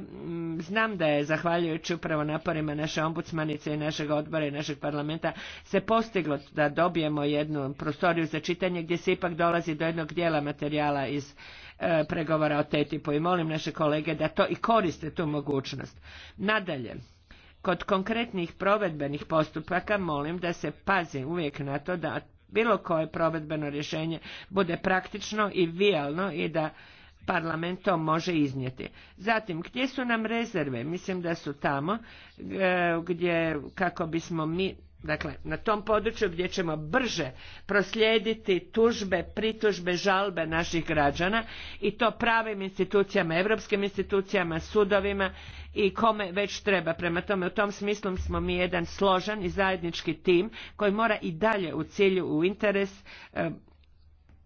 S3: znam da je zahvaljujući upravo naporima naše ombudsmanice i našeg odbora i našeg parlamenta se postiglo da do dobijemo jednu prostoriju za čitanje gdje se ipak dolazi do jednog dijela materijala iz e, pregovora o TTIP-u i molim naše kolege da to i koriste tu mogućnost. Nadalje, kod konkretnih provedbenih postupaka molim da se pazi uvijek na to da bilo koje provedbeno rješenje bude praktično i vijalno i da parlament to može iznijeti. Zatim, gdje su nam rezerve? Mislim da su tamo e, gdje, kako bismo mi Dakle, na tom području gdje ćemo brže proslijediti tužbe, pritužbe, žalbe naših građana i to pravim institucijama, europskim institucijama, sudovima i kome već treba. Prema tome, u tom smislu smo mi jedan složan i zajednički tim koji mora i dalje u cilju u interes eh,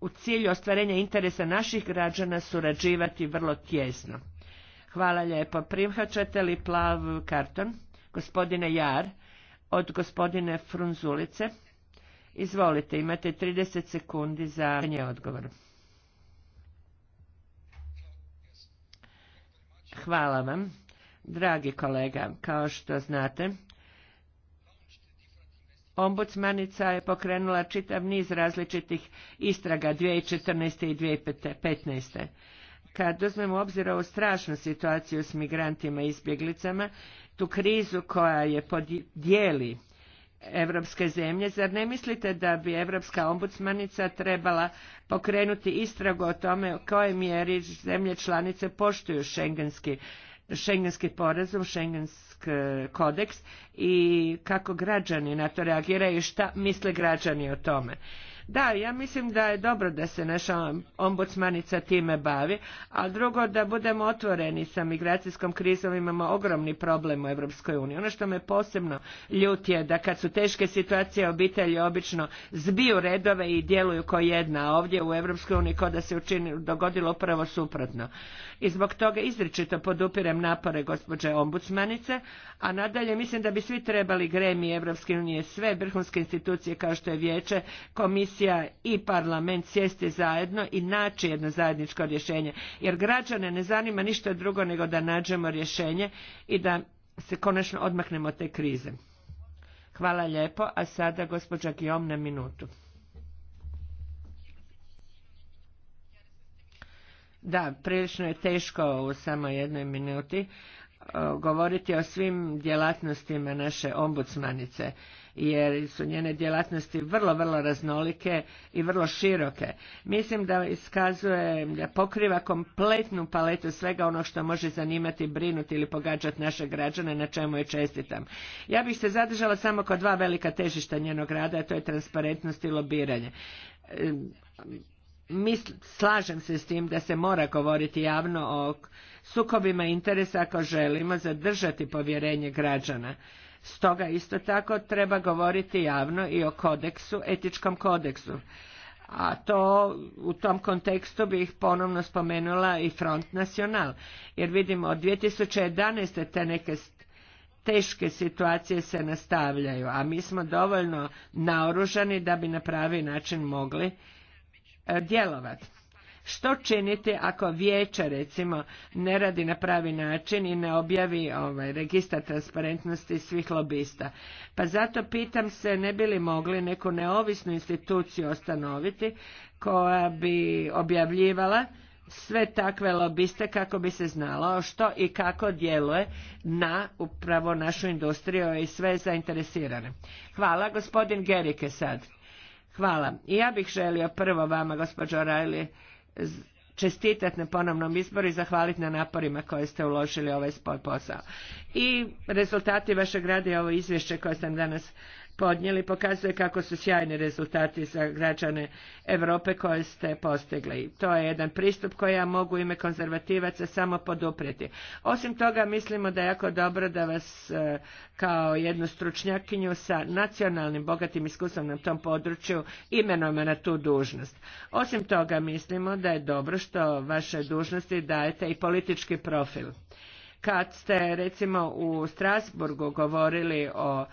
S3: u cilju ostvarenja interesa naših građana surađivati vrlo tjesno. Hvala lijepo. Prihvaćate li plav karton? Gospodine Jar, od gospodine Frunzulice. Izvolite, imate 30 sekundi za nje odgovor. Hvala vam. Dragi kolega, kao što znate, ombudsmanica je pokrenula čitav niz različitih istraga 2014. i 2015. Kad uzmemo obzir ovu strašnu situaciju s migrantima i izbjeglicama tu krizu koja je podijeli evropske zemlje, zar ne mislite da bi evropska ombudsmanica trebala pokrenuti istragu o tome u kojoj mjeri zemlje članice poštuju šengenski šengenski porezom, šengenski e, kodeks i kako građani na to reagiraju i šta misle građani o tome. Da, ja mislim da je dobro da se naša ombudsmanica time bavi, a drugo da budemo otvoreni sa migracijskom krizom, imamo ogromni problem u Europskoj uniji. Ono što me posebno ljuti je da kad su teške situacije obitelji obično zbiju redove i djeluju ko jedna, a ovdje u Europskoj uniji ko da se učini, dogodilo upravo suprotno. I zbog toga izričito podupirem napore gospođe ombudsmanice, a nadalje mislim da bi svi trebali gremi Europske unije, sve vrhunske institucije kao što je vijeće, Komisije komisija i parlament sjesti zajedno i naći jedno zajedničko rješenje. Jer građane ne zanima ništa drugo nego da nađemo rješenje i da se konačno odmaknemo od te krize. Hvala lijepo, a sada gospođa Gijom na minutu. Da, prilično je teško u samo jednoj minuti uh, govoriti o svim djelatnostima naše ombudsmanice jer su njene djelatnosti vrlo, vrlo raznolike i vrlo široke. Mislim da iskazuje, da pokriva kompletnu paletu svega ono što može zanimati, brinuti ili pogađati naše građane, na čemu je čestitam. Ja bih se zadržala samo kod dva velika težišta njenog rada, a to je transparentnost i lobiranje. slažem se s tim da se mora govoriti javno o sukobima interesa ako želimo zadržati povjerenje građana. Stoga isto tako treba govoriti javno i o kodeksu, etičkom kodeksu. A to u tom kontekstu bih ponovno spomenula i Front Nacional. Jer vidimo od 2011. te neke teške situacije se nastavljaju, a mi smo dovoljno naoružani da bi na pravi način mogli e, djelovati. Što činiti ako vijeće recimo ne radi na pravi način i ne objavi ovaj, registar transparentnosti svih lobista? Pa zato pitam se ne bi li mogli neku neovisnu instituciju ostanoviti koja bi objavljivala sve takve lobiste kako bi se znalo što i kako djeluje na upravo našu industriju i sve zainteresirane. Hvala, gospodin Gerike sad. Hvala. I ja bih želio prvo vama, gospođo Rajli, čestitati na ponovnom izboru i zahvaliti na naporima koje ste uložili u ovaj posao. I rezultati vašeg rada i ovo izvješće koje sam danas podnijeli pokazuje kako su sjajni rezultati za građane Europe koje ste postigli. To je jedan pristup koji ja mogu u ime konzervativaca samo poduprijeti. Osim toga mislimo da je jako dobro da vas e, kao jednu stručnjakinju sa nacionalnim bogatim iskustvom na tom području imenujemo na tu dužnost. Osim toga mislimo da je dobro što vaše dužnosti dajete i politički profil kad ste recimo u Strasburgu govorili o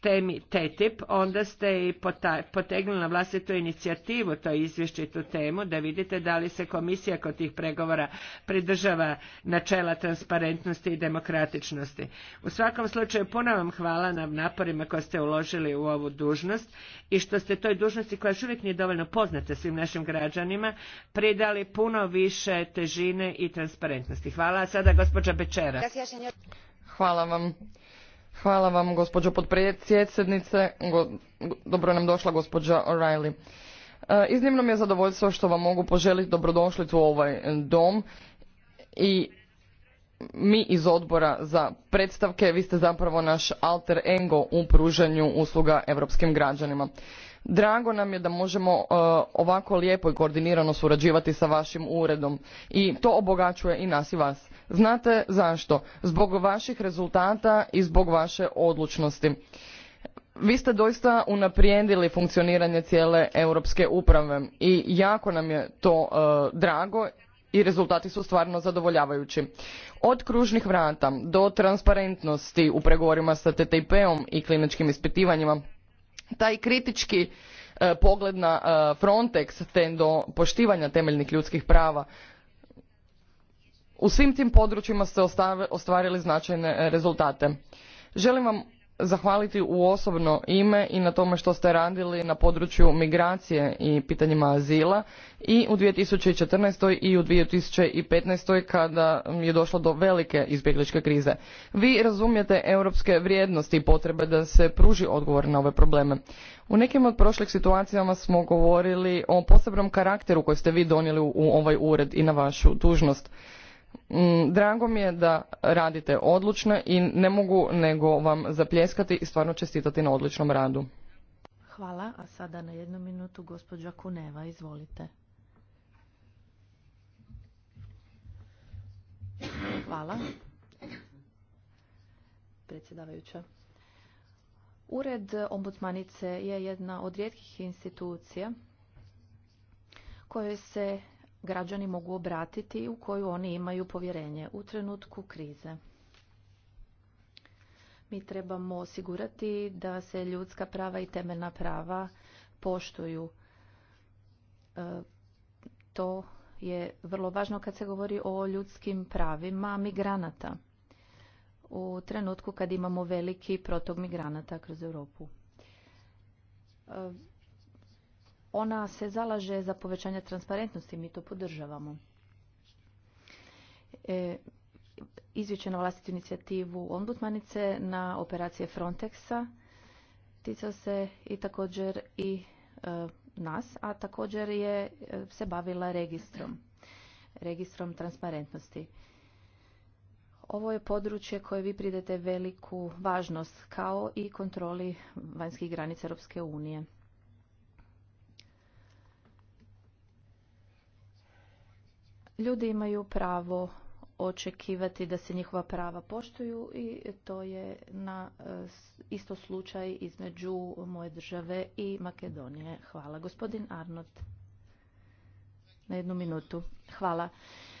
S3: temi TTIP, onda ste i potegnuli na vlastitu inicijativu to izvješće i tu temu, da vidite da li se komisija kod tih pregovora pridržava načela transparentnosti i demokratičnosti. U svakom slučaju puno vam hvala na naporima koje ste uložili u ovu dužnost i što ste toj dužnosti koja još uvijek nije dovoljno poznata svim našim građanima pridali puno više težine i transparentnosti. Hvala. A sada gospođa Bečera.
S1: Hvala vam. Hvala vam gospođo potpredsjednice, dobro nam došla gospođa O'Reilly. E, iznimno mi je zadovoljstvo što vam mogu poželiti dobrodošlicu u ovaj dom i mi iz odbora za predstavke, vi ste zapravo naš alter ego u pružanju usluga europskim građanima. Drago nam je da možemo e, ovako lijepo i koordinirano surađivati sa vašim uredom i to obogaćuje i nas i vas. Znate zašto? Zbog vaših rezultata i zbog vaše odlučnosti. Vi ste doista unaprijedili funkcioniranje cijele europske uprave i jako nam je to e, drago i rezultati su stvarno zadovoljavajući. Od kružnih vrata do transparentnosti u pregovorima sa TTIP-om i kliničkim ispitivanjima taj kritički e, pogled na e, Frontex te do poštivanja temeljnih ljudskih prava u svim tim područjima ste ostvarili značajne e, rezultate. Želim vam zahvaliti u osobno ime i na tome što ste radili na području migracije i pitanjima azila i u 2014. i u 2015. kada je došlo do velike izbjegličke krize. Vi razumijete europske vrijednosti i potrebe da se pruži odgovor na ove probleme. U nekim od prošlih situacijama smo govorili o posebnom karakteru koji ste vi donijeli u ovaj ured i na vašu dužnost. Mm, drago mi je da radite odlučno i ne mogu nego vam zapljeskati i stvarno čestitati na odličnom radu.
S4: Hvala, a sada na jednu minutu gospođa Kuneva, izvolite. Hvala. Predsjedavajuća. Ured ombudsmanice je jedna od rijetkih institucija kojoj se građani mogu obratiti u koju oni imaju povjerenje u trenutku krize. Mi trebamo osigurati da se ljudska prava i temeljna prava poštuju. E, to je vrlo važno kad se govori o ljudskim pravima migranata u trenutku kad imamo veliki protok migranata kroz Europu. E, ona se zalaže za povećanje transparentnosti, mi to podržavamo. E, izvješće na vlastitu inicijativu ombudmanice na operacije Frontexa ticao se i također i e, nas, a također je e, se bavila registrom, registrom transparentnosti. Ovo je područje koje vi pridete veliku važnost kao i kontroli vanjskih granica Europske unije. Ljudi imaju pravo očekivati da se njihova prava poštuju i to je na eh, isto slučaj između moje države i Makedonije. Hvala. Gospodin Arnot, na jednu minutu. Hvala.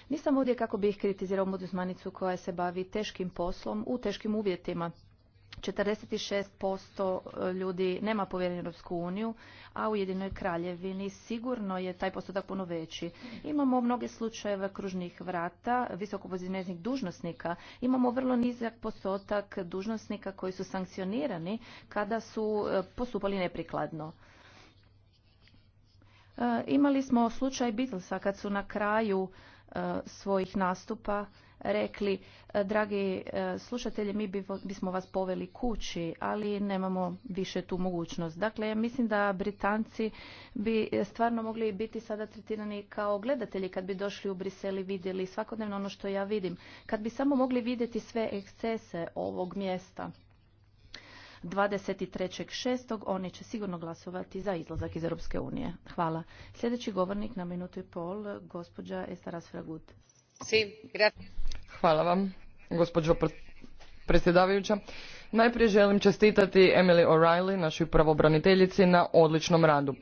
S4: Nisam ovdje kako bih kritizirao muduzmanicu koja se bavi teškim poslom u teškim uvjetima. 46% e, ljudi nema povjerenje u Europsku uniju, a u Jedinoj kraljevini sigurno je taj postotak puno veći. Imamo mnoge slučajeve kružnih vrata, visokopozineznih dužnosnika, imamo vrlo nizak postotak dužnosnika koji su sankcionirani kada su e, postupali neprikladno. E, imali smo slučaj Beatlesa kad su na kraju svojih nastupa rekli, e, dragi e, slušatelji, mi bismo vas poveli kući, ali nemamo više tu mogućnost. Dakle, ja mislim da Britanci bi e, stvarno mogli biti sada tretirani kao gledatelji kad bi došli u Briseli i vidjeli svakodnevno ono što ja vidim. Kad bi samo mogli vidjeti sve ekscese ovog mjesta. 23.6. oni će sigurno glasovati za izlazak iz Europske unije. Hvala. Sljedeći govornik na minutu i pol, gospođa Estaras Fragut.
S1: Hvala vam, gospođo predsjedavajuća. Najprije želim čestitati Emily O'Reilly, našoj pravobraniteljici, na odličnom radu.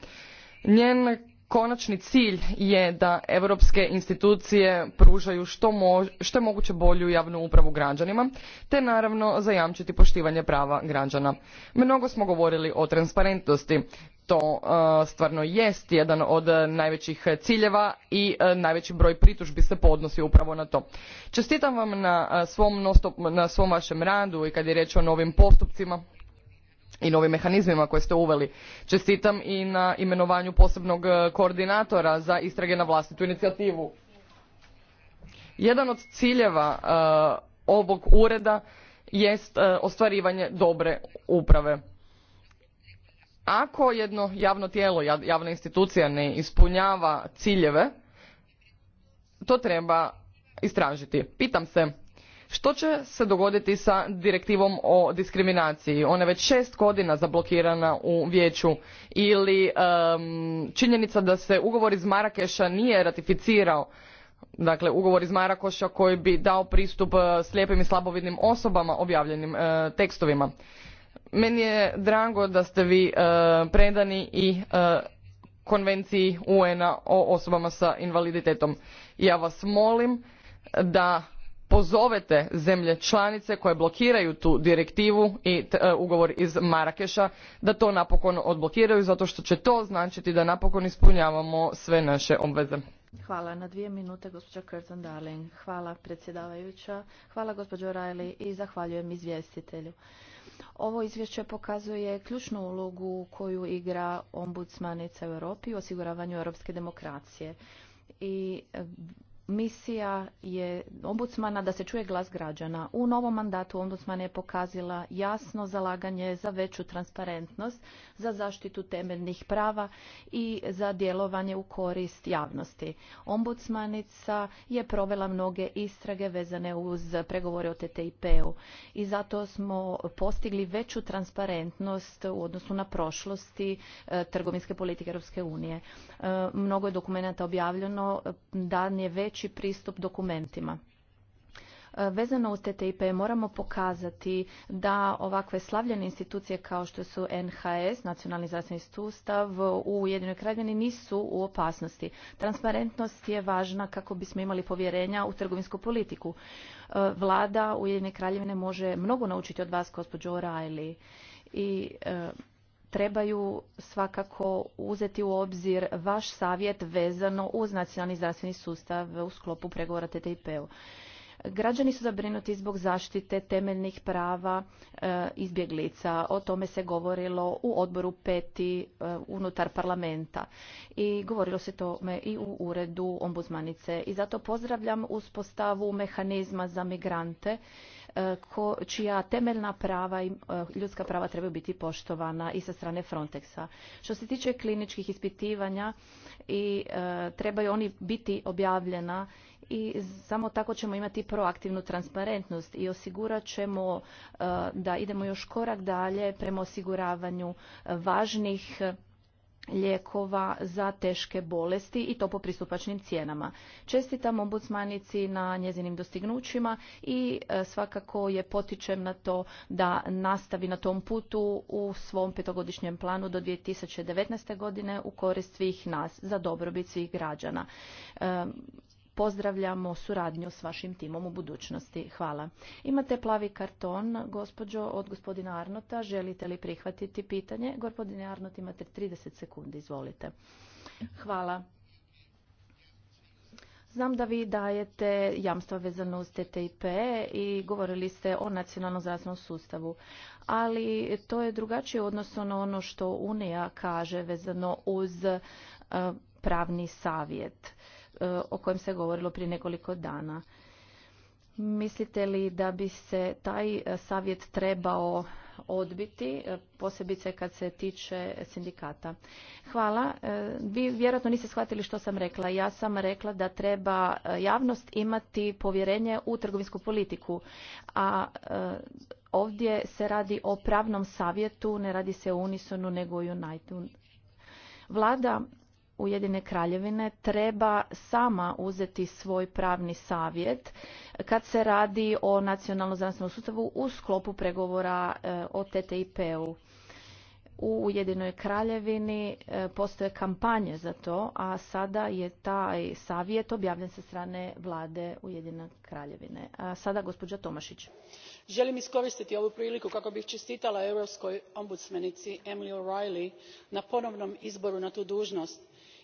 S1: Njen konačni cilj je da europske institucije pružaju što, što je moguće bolju javnu upravu građanima te naravno zajamčiti poštivanje prava građana. Mnogo smo govorili o transparentnosti to e, stvarno jest jedan od najvećih ciljeva i e, najveći broj pritužbi se podnosi upravo na to. Čestitam vam na e, svom, na vašem radu i kad je riječ o novim postupcima i novim mehanizmima koje ste uveli. Čestitam i na imenovanju posebnog koordinatora za istrage na vlastitu inicijativu. Jedan od ciljeva ovog ureda jest ostvarivanje dobre uprave ako jedno javno tijelo, javna institucija ne ispunjava ciljeve, to treba istražiti. Pitam se, što će se dogoditi sa direktivom o diskriminaciji? Ona je već šest godina zablokirana u vijeću ili činjenica da se ugovor iz Marakeša nije ratificirao, dakle ugovor iz Marakoša koji bi dao pristup e, slijepim i slabovidnim osobama objavljenim e, tekstovima. Meni je drago da ste vi e, predani i e, konvenciji UN-a o osobama sa invaliditetom. Ja vas molim da pozovete zemlje članice koje blokiraju tu direktivu i e, ugovor iz Marakeša da to napokon odblokiraju zato što će to značiti da napokon ispunjavamo sve naše obveze.
S4: Hvala na dvije minute, gospođa Curtin Darling. Hvala predsjedavajuća, hvala gospođo Rajli i zahvaljujem izvjestitelju. Ovo izvješće pokazuje ključnu ulogu koju igra ombudsmanica u Europi u osiguravanju europske demokracije i misija je ombudsmana da se čuje glas građana. U novom mandatu ombudsmana je pokazila jasno zalaganje za veću transparentnost, za zaštitu temeljnih prava i za djelovanje u korist javnosti. Ombudsmanica je provela mnoge istrage vezane uz pregovore o TTIP-u i zato smo postigli veću transparentnost u odnosu na prošlosti e, trgovinske politike Europske unije. E, mnogo je dokumenata objavljeno, dan je već veći pristup dokumentima. E, vezano uz TTIP moramo pokazati da ovakve slavljene institucije kao što su NHS, Nacionalni zdravstveni sustav, u Ujedinoj kraljevini nisu u opasnosti. Transparentnost je važna kako bismo imali povjerenja u trgovinsku politiku. E, Vlada Ujedinjene kraljevine može mnogo naučiti od vas, gospođo O'Reilly. I e, trebaju svakako uzeti u obzir vaš savjet vezano uz nacionalni zdravstveni sustav u sklopu pregovora TTIP-u. Građani su zabrinuti zbog zaštite temeljnih prava e, izbjeglica. O tome se govorilo u odboru peti e, unutar parlamenta i govorilo se tome i u uredu ombudsmanice. I zato pozdravljam uspostavu mehanizma za migrante e, čija temeljna prava i ljudska prava trebaju biti poštovana i sa strane Frontexa. Što se tiče kliničkih ispitivanja i trebaju oni biti objavljena i samo tako ćemo imati proaktivnu transparentnost i osigurat ćemo e, da idemo još korak dalje prema osiguravanju e, važnih lijekova za teške bolesti i to po pristupačnim cijenama. Čestitam ombudsmanici na njezinim dostignućima i e, svakako je potičem na to da nastavi na tom putu u svom petogodišnjem planu do 2019. godine u korist svih nas za dobrobit svih građana pozdravljamo suradnju s vašim timom u budućnosti. Hvala. Imate plavi karton, gospođo, od gospodina Arnota. Želite li prihvatiti pitanje? Gospodine Arnot, imate 30 sekundi, izvolite. Hvala. Znam da vi dajete jamstva vezano uz TTIP i govorili ste o nacionalnom zdravstvenom sustavu, ali to je drugačije odnosno na ono što Unija kaže vezano uz eh, pravni savjet E, o kojem se govorilo prije nekoliko dana. Mislite li da bi se taj e, savjet trebao odbiti, e, posebice kad se tiče sindikata? Hvala. Vi vjerojatno niste shvatili što sam rekla. Ja sam rekla da treba javnost imati povjerenje u trgovinsku politiku, a ovdje se radi o pravnom savjetu, ne radi se o unisonu nego o o Vlada Ujedine kraljevine treba sama uzeti svoj pravni savjet kad se radi o nacionalnom zdravstvenom sustavu u sklopu pregovora e, o TTIP-u. U Ujedinoj kraljevini e, postoje kampanje za to, a sada je taj savjet objavljen sa strane vlade Ujedine kraljevine. A sada gospođa Tomašić.
S5: Želim iskoristiti ovu priliku kako bih čestitala europskoj ombudsmenici Emily O'Reilly na ponovnom izboru na tu dužnost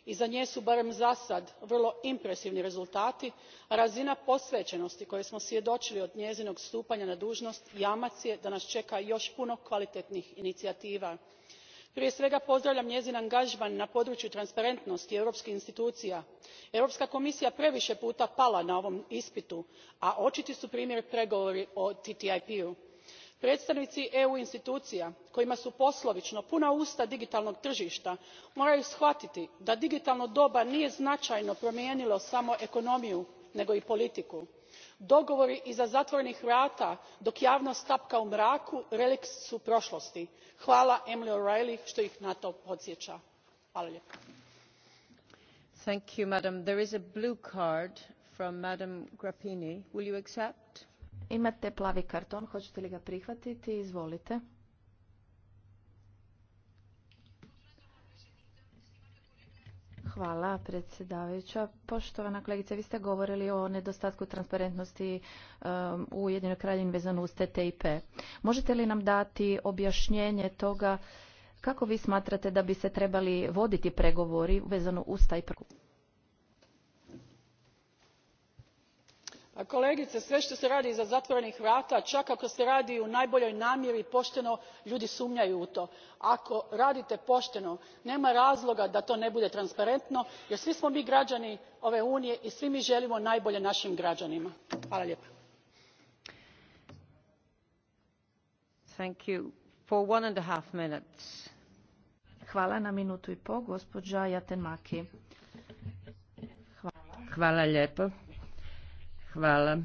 S5: za nje su barem zasad vrlo impresivni rezultati a razina posvećenosti kojoj smo svjedočili od njezinog stupanja na dužnost jamac je da nas čeka još puno kvalitetnih inicijativa. prije svega pozdravljam njezin angažman na području transparentnosti europskih institucija. europska komisija previše puta pala na ovom ispitu a očiti su primjer pregovori o ttip u predstavnici eu institucija kojima su poslovično puna usta digitalnog tržišta, moraju shvatiti da digitalno doba nije značajno promijenilo samo ekonomiju nego i politiku. dogovori iza zatvorenih vrata dok javnost tapka u mraku relikt su prošlosti. hvala Emily o'reilly što ih na to podsjeća.
S4: Imate plavi karton, hoćete li ga prihvatiti? Izvolite. Hvala predsjedavajuća. Poštovana kolegice, vi ste govorili o nedostatku transparentnosti um, u Jedinoj kraljini vezano uz TTIP. Možete li nam dati objašnjenje toga kako vi smatrate da bi se trebali voditi pregovori vezano uz taj
S5: pa kolegice sve što se radi iza zatvorenih vrata čak ako se radi u najboljoj namjeri pošteno ljudi sumnjaju u to. ako radite pošteno nema razloga da to ne bude transparentno jer svi smo mi građani ove unije i svi mi želimo najbolje našim građanima
S4: Hvala na
S3: i Hvala.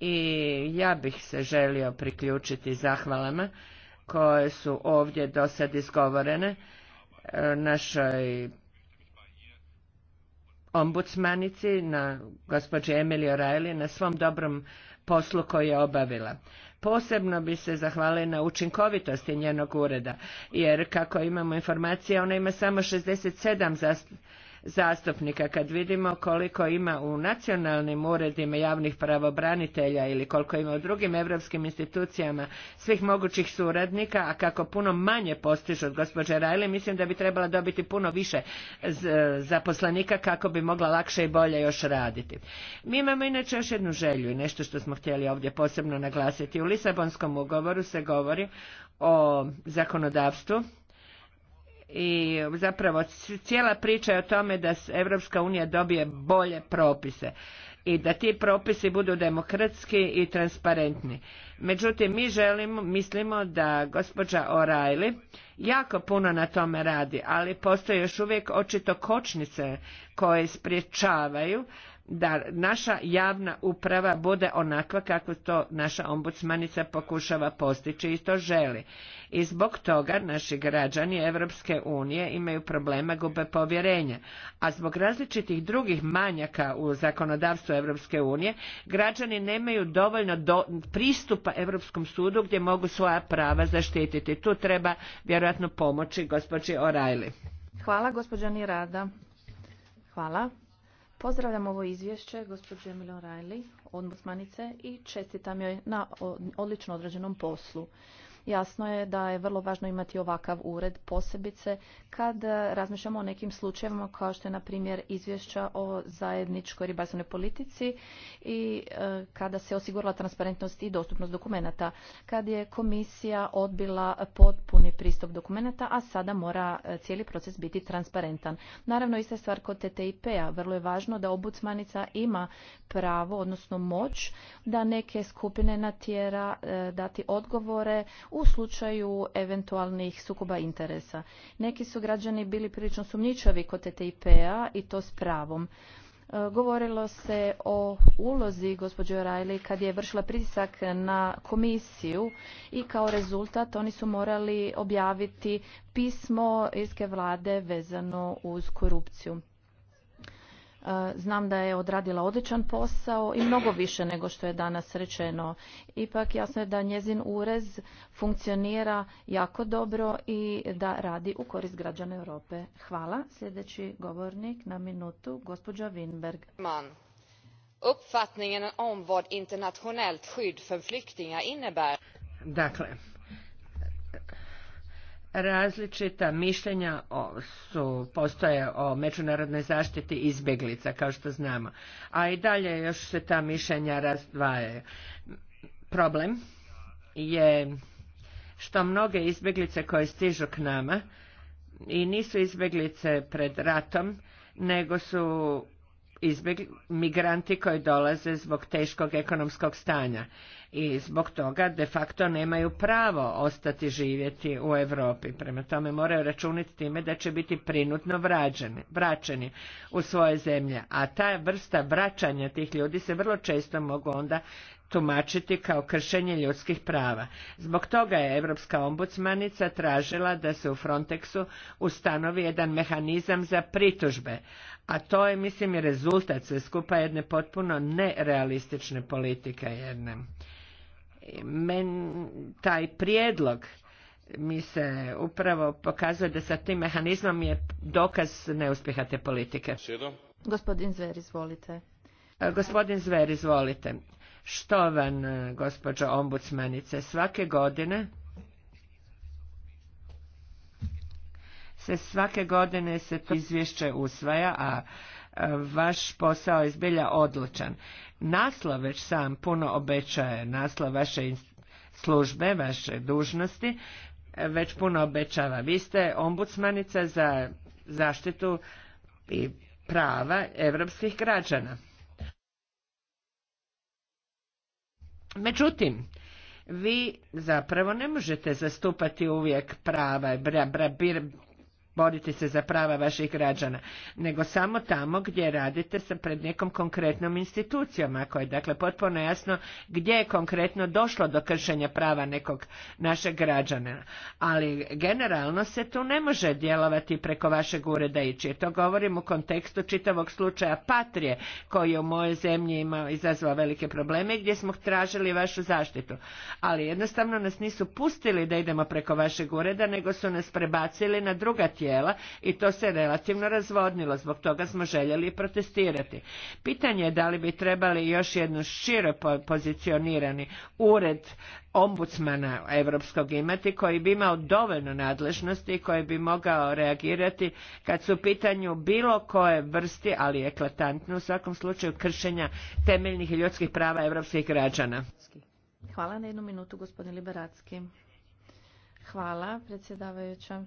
S3: I ja bih se želio priključiti zahvalama koje su ovdje do sad izgovorene e, našoj ombudsmanici, na gospođi Emilio Rajli, na svom dobrom poslu koji je obavila. Posebno bi se zahvalila na učinkovitosti njenog ureda, jer kako imamo informacije, ona ima samo 67 zastupnika zastupnika. Kad vidimo koliko ima u nacionalnim uredima javnih pravobranitelja ili koliko ima u drugim europskim institucijama svih mogućih suradnika, a kako puno manje postižu od gospođe Rajle, mislim da bi trebala dobiti puno više zaposlenika kako bi mogla lakše i bolje još raditi. Mi imamo inače još jednu želju i nešto što smo htjeli ovdje posebno naglasiti. U Lisabonskom ugovoru se govori o zakonodavstvu i zapravo cijela priča je o tome da Evropska unija dobije bolje propise i da ti propisi budu demokratski i transparentni. Međutim, mi želimo, mislimo da gospođa O'Reilly jako puno na tome radi, ali postoje još uvijek očito kočnice koje spriječavaju da naša javna uprava bude onakva kako to naša ombudsmanica pokušava postići i to želi. I zbog toga naši građani Evropske unije imaju problema gube povjerenja, a zbog različitih drugih manjaka u zakonodavstvu Evropske unije građani nemaju dovoljno pristupa Europskom sudu gdje mogu svoja prava zaštititi. Tu treba vjerojatno pomoći gospođi O'Reilly.
S4: Hvala gospođa Nirada. Hvala. Pozdravljam ovo izvješće gospođe Emilio Rajli, Bosmanice i čestitam joj na odlično određenom poslu. Jasno je da je vrlo važno imati ovakav ured posebice kad razmišljamo o nekim slučajevima kao što je na primjer izvješća o zajedničkoj ribarstvenoj politici i e, kada se osigurala transparentnost i dostupnost dokumenata. Kad je komisija odbila potpuni pristup dokumenata, a sada mora e, cijeli proces biti transparentan. Naravno, ista stvar kod TTIP-a. Vrlo je važno da obucmanica ima pravo, odnosno moć, da neke skupine natjera e, dati odgovore u slučaju eventualnih sukoba interesa. Neki su građani bili prilično sumnjičavi kod TTIP-a i to s pravom. E, govorilo se o ulozi gospođe O'Reilly kad je vršila pritisak na komisiju i kao rezultat oni su morali objaviti pismo irske vlade vezano uz korupciju. E, znam da je odradila odličan posao i mnogo više nego što je danas rečeno. Ipak jasno je da njezin urez funkcionira jako dobro i da radi u korist građana Europe. Hvala. Sljedeći govornik na minutu, gospođa Winberg. Man. Uppfattningen om vad internationellt skydd för flyktingar innebär.
S3: Dakle, Različita mišljenja su, postoje o međunarodnoj zaštiti izbjeglica, kao što znamo. A i dalje još se ta mišljenja razdvajaju. Problem je što mnoge izbjeglice koje stižu k nama i nisu izbjeglice pred ratom, nego su izbjegli, migranti koji dolaze zbog teškog ekonomskog stanja i zbog toga de facto nemaju pravo ostati živjeti u Europi. Prema tome moraju računiti time da će biti prinutno vrađeni, vraćeni u svoje zemlje. A ta vrsta vraćanja tih ljudi se vrlo često mogu onda tumačiti kao kršenje ljudskih prava. Zbog toga je Europska ombudsmanica tražila da se u Frontexu ustanovi jedan mehanizam za pritužbe, a to je, mislim, rezultat sve skupa jedne potpuno nerealistične politike jedne men, taj prijedlog mi se upravo pokazuje da sa tim mehanizmom je dokaz neuspjeha te politike.
S4: Gospodin Zver, izvolite.
S3: E, gospodin Zver, izvolite. Štovan, e, gospođo ombudsmanice, svake godine se svake godine se to izvješće usvaja, a e, vaš posao je zbilja odlučan. Naslov već sam puno obećaje, naslov vaše službe, vaše dužnosti, e, već puno obećava. Vi ste ombudsmanica za zaštitu i prava evropskih građana. Međutim, vi zapravo ne možete zastupati uvijek prava, boriti se za prava vaših građana, nego samo tamo gdje radite sa pred nekom konkretnom institucijom, ako je dakle potpuno jasno gdje je konkretno došlo do kršenja prava nekog našeg građana. Ali generalno se tu ne može djelovati preko vašeg ureda ići. To govorim u kontekstu čitavog slučaja Patrije, koji je u mojoj zemlji imao, izazvao velike probleme gdje smo tražili vašu zaštitu. Ali jednostavno nas nisu pustili da idemo preko vašeg ureda, nego su nas prebacili na druga tijela i to se relativno razvodnilo, zbog toga smo željeli protestirati. Pitanje je da li bi trebali još jednu širo pozicionirani ured ombudsmana evropskog imati koji bi imao dovoljno nadležnosti i koji bi mogao reagirati kad su u pitanju bilo koje vrsti, ali eklatantne u svakom slučaju kršenja temeljnih i ljudskih prava europskih građana.
S4: Hvala na jednu minutu gospodin Liberacki. Hvala predsjedavajuća.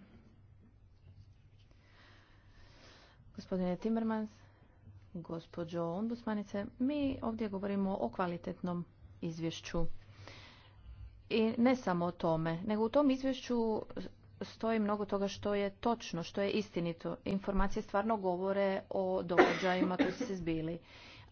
S4: Gospodine Timmermans, gospođo ombudsmanice, mi ovdje govorimo o kvalitetnom izvješću. I ne samo o tome, nego u tom izvješću stoji mnogo toga što je točno, što je istinito. Informacije stvarno govore o događajima koji su se zbili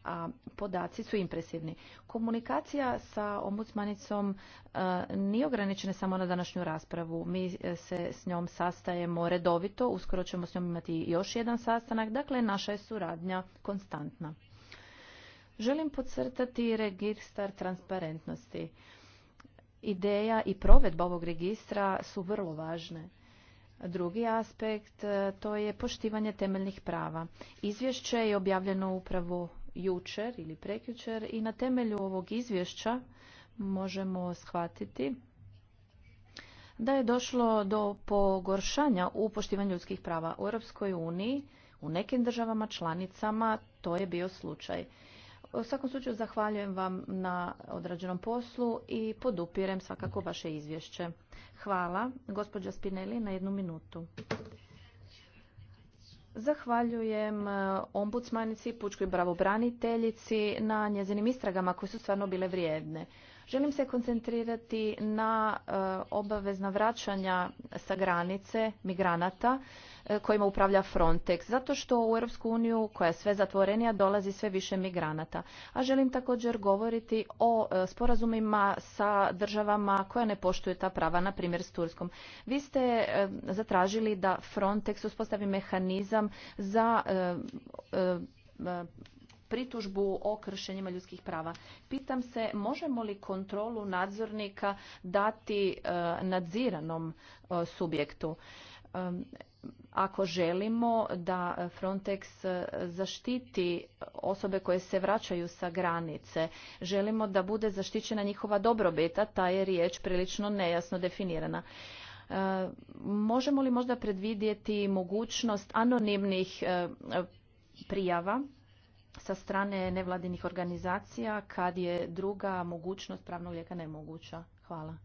S4: a podaci su impresivni. Komunikacija sa ombudsmanicom e, nije ograničena samo na današnju raspravu. Mi e, se s njom sastajemo redovito, uskoro ćemo s njom imati još jedan sastanak, dakle naša je suradnja konstantna. Želim podcrtati registar transparentnosti. Ideja i provedba ovog registra su vrlo važne. Drugi aspekt e, to je poštivanje temeljnih prava. Izvješće je objavljeno upravo jučer ili prekjučer i na temelju ovog izvješća možemo shvatiti da je došlo do pogoršanja u poštivanju ljudskih prava u Europskoj uniji, u nekim državama članicama to je bio slučaj. U svakom slučaju zahvaljujem vam na odrađenom poslu i podupirem svakako vaše izvješće. Hvala. Gospođa Spinelli na jednu minutu. Zahvaljujem e, ombudsmanici, pučkoj bravobraniteljici na njezinim istragama koje su stvarno bile vrijedne. Želim se koncentrirati na e, obavezna vraćanja sa granice migranata e, kojima upravlja Frontex, zato što u Europsku uniju koja je sve zatvorenija dolazi sve više migranata. A želim također govoriti o e, sporazumima sa državama koja ne poštuju ta prava, na primjer s Turskom. Vi ste zatražili da Frontex uspostavi mehanizam za pritužbu o kršenjima ljudskih prava. Pitam se možemo li kontrolu nadzornika dati e, nadziranom e, subjektu? E, ako želimo da Frontex zaštiti osobe koje se vraćaju sa granice, želimo da bude zaštićena njihova dobrobeta, ta je riječ prilično nejasno definirana. Možemo li možda predvidjeti mogućnost anonimnih prijava sa strane nevladinih organizacija kad je druga mogućnost pravnog lijeka nemoguća? Hvala.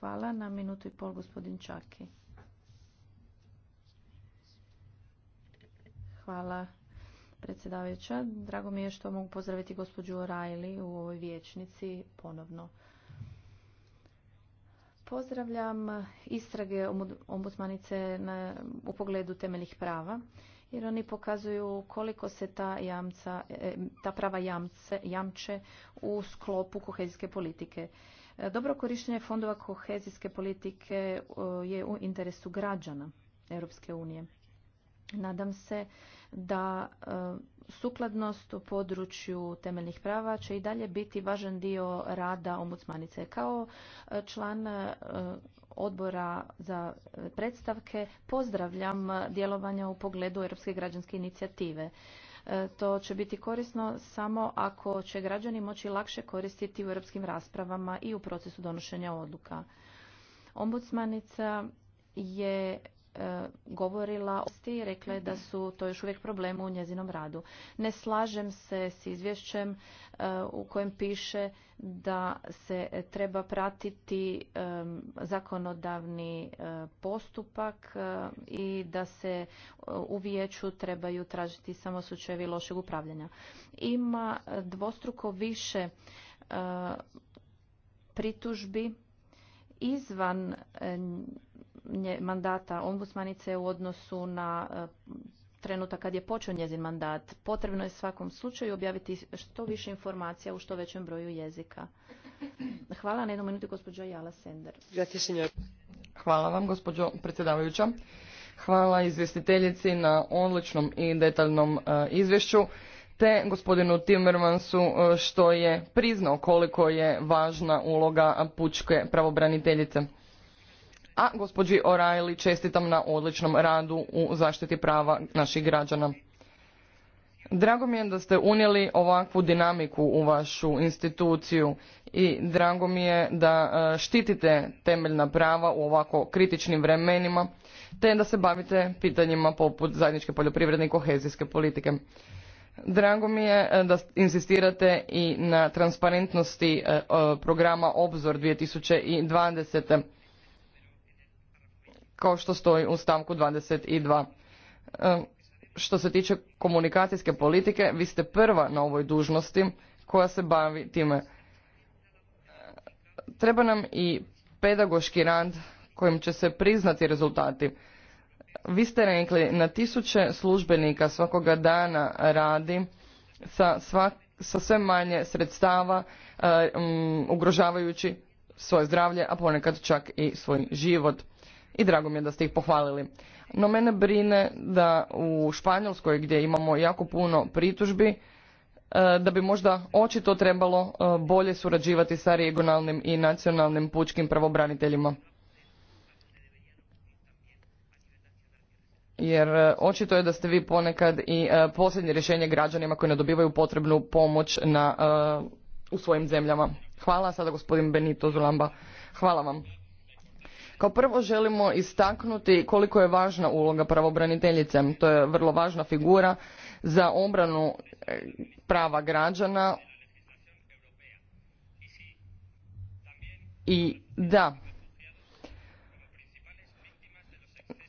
S4: Hvala na minutu i pol gospodin Čaki. Hvala predsjedavajuća. Drago mi je što mogu pozdraviti gospođu O'Reilly u ovoj vijećnici ponovno. Pozdravljam istrage ombudsmanice u pogledu temeljnih prava jer oni pokazuju koliko se ta, jamca, e, e, ta prava jamce, jamče u sklopu kohezijske politike. E, dobro korištenje fondova kohezijske politike je u interesu građana Europske unije. Nadam se da sukladnost u području temeljnih prava će i dalje biti važan dio rada ombudsmanice. Kao član odbora za e, predstavke pozdravljam djelovanja u pogledu Europske građanske inicijative. E, to će biti korisno samo ako će građani moći lakše koristiti u europskim raspravama i u procesu donošenja odluka. Ombudsmanica je E, govorila i rekla je da su to još uvijek problem u njezinom radu. Ne slažem se s izvješćem e, u kojem piše da se treba pratiti e, zakonodavni postupak i da se u vijeću trebaju tražiti samo slučajevi lošeg upravljanja. Ima dvostruko više pritužbi izvan mandata ombudsmanice u odnosu na e, trenutak kad je počeo njezin mandat. Potrebno je svakom slučaju objaviti što više informacija u što većem broju jezika. Hvala na jednu minutu gospođo Jala Sender.
S1: Hvala vam gospođo predsjedavajuća. Hvala izvjestiteljici na odličnom i detaljnom e, izvješću te gospodinu Timmermansu e, što je priznao koliko je važna uloga pučke pravobraniteljice a gospođi O'Reilly čestitam na odličnom radu u zaštiti prava naših građana. Drago mi je da ste unijeli ovakvu dinamiku u vašu instituciju i drago mi je da e, štitite temeljna prava u ovako kritičnim vremenima te da se bavite pitanjima poput zajedničke poljoprivredne i kohezijske politike. Drago mi je e, da insistirate i na transparentnosti e, programa Obzor 2020 kao što stoji u stavku 22. E, što se tiče komunikacijske politike, vi ste prva na ovoj dužnosti koja se bavi time. Treba nam i pedagoški rad kojim će se priznati rezultati. Vi ste rekli, na tisuće službenika svakoga dana radi sa, svak, sve manje sredstava, e, ugrožavajući svoje zdravlje, a ponekad čak i svoj život i drago mi je da ste ih pohvalili. No mene brine da u Španjolskoj gdje imamo jako puno pritužbi, e, da bi možda očito trebalo e, bolje surađivati sa regionalnim i nacionalnim pučkim pravobraniteljima. Jer e, očito je da ste vi ponekad i posljednje rješenje građanima koji ne dobivaju potrebnu pomoć na, u svojim zemljama. Hvala sada gospodin Benito Zulamba. Hvala vam. Kao prvo želimo istaknuti koliko je važna uloga pravobraniteljice. To je vrlo važna figura za obranu e, prava građana i da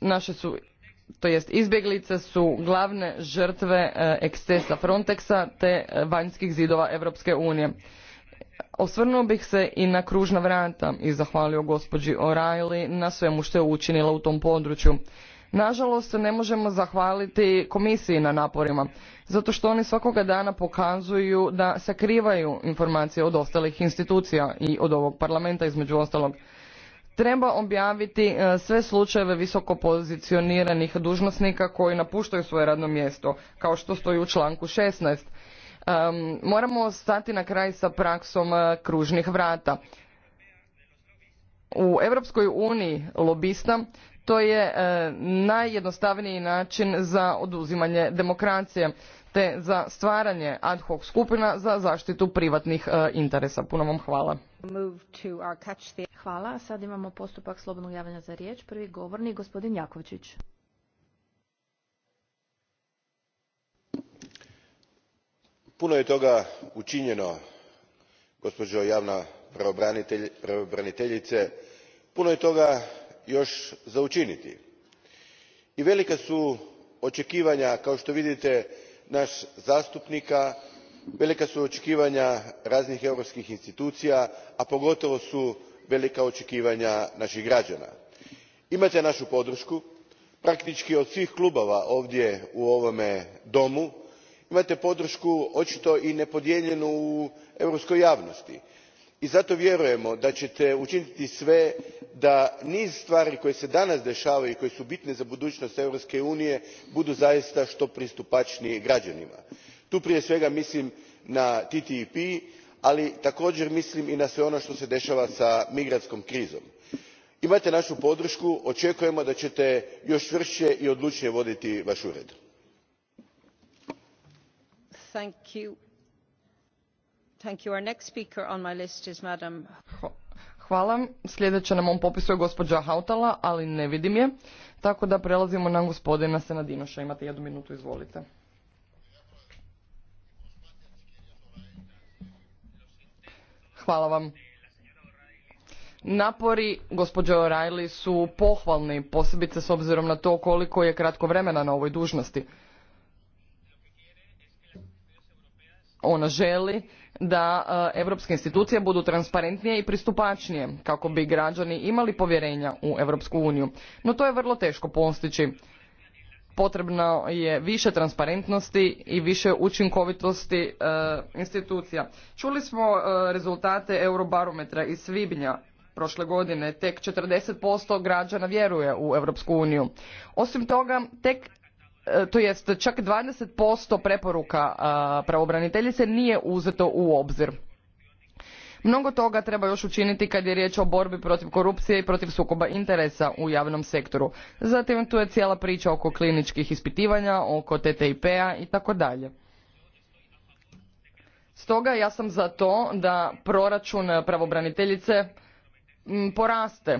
S1: naše su to jest izbjeglice su glavne žrtve e, ekscesa Frontexa te e, vanjskih zidova Europske unije. Osvrnuo bih se i na kružna vrata i zahvalio gospođi O'Reilly na svemu što je učinila u tom području. Nažalost, ne možemo zahvaliti komisiji na naporima, zato što oni svakoga dana pokazuju da sakrivaju informacije od ostalih institucija i od ovog parlamenta između ostalog. Treba objaviti e, sve slučajeve visoko pozicioniranih dužnosnika koji napuštaju svoje radno mjesto, kao što stoji u članku 16 moramo stati na kraj sa praksom eh, kružnih vrata. U Europskoj uniji lobista to je eh, najjednostavniji način za oduzimanje demokracije te za stvaranje ad hoc skupina za zaštitu privatnih eh, interesa. Puno vam hvala.
S4: Hvala. Sad imamo postupak slobodnog javljanja za riječ. Prvi govornik, gospodin Jakovčić.
S2: puno je toga učinjeno gospođo javna pravobraniteljice puno je toga još za učiniti i velika su očekivanja kao što vidite nas zastupnika velika su očekivanja raznih europskih institucija a pogotovo su velika očekivanja naših građana. imate našu podršku praktički od svih klubova ovdje u ovome domu imate podršku očito i nepodijeljenu u europskoj javnosti i zato vjerujemo da ćete učiniti sve da niz stvari koje se danas dešavaju i koje su bitne za budućnost europske unije budu zaista što pristupačnije građanima. tu prije svega mislim na ttip ali također mislim i na sve ono što se dešava s migrantskom krizom. imate našu podršku očekujemo da ćete još čvršće i odlučnije voditi vaš ured.
S1: Hvala. Sljedeća na mom popisu je gospođa Hautala, ali ne vidim je. Tako da prelazimo na gospodina Senadinoša. Imate jednu minutu, izvolite. Hvala vam. Napori gospođe O'Reilly su pohvalni, posebice s obzirom na to koliko je kratko vremena na ovoj dužnosti. ona želi da europske institucije budu transparentnije i pristupačnije kako bi građani imali povjerenja u europsku uniju no to je vrlo teško postići potrebno je više transparentnosti i više učinkovitosti e, institucija čuli smo e, rezultate eurobarometra iz svibnja prošle godine tek 40% građana vjeruje u europsku uniju osim toga tek E, to jest čak 20% preporuka e, pravobraniteljice nije uzeto u obzir. Mnogo toga treba još učiniti kad je riječ o borbi protiv korupcije i protiv sukoba interesa u javnom sektoru. Zatim tu je cijela priča oko kliničkih ispitivanja, oko TTIP-a i tako dalje. Stoga ja sam za to da proračun pravobraniteljice poraste.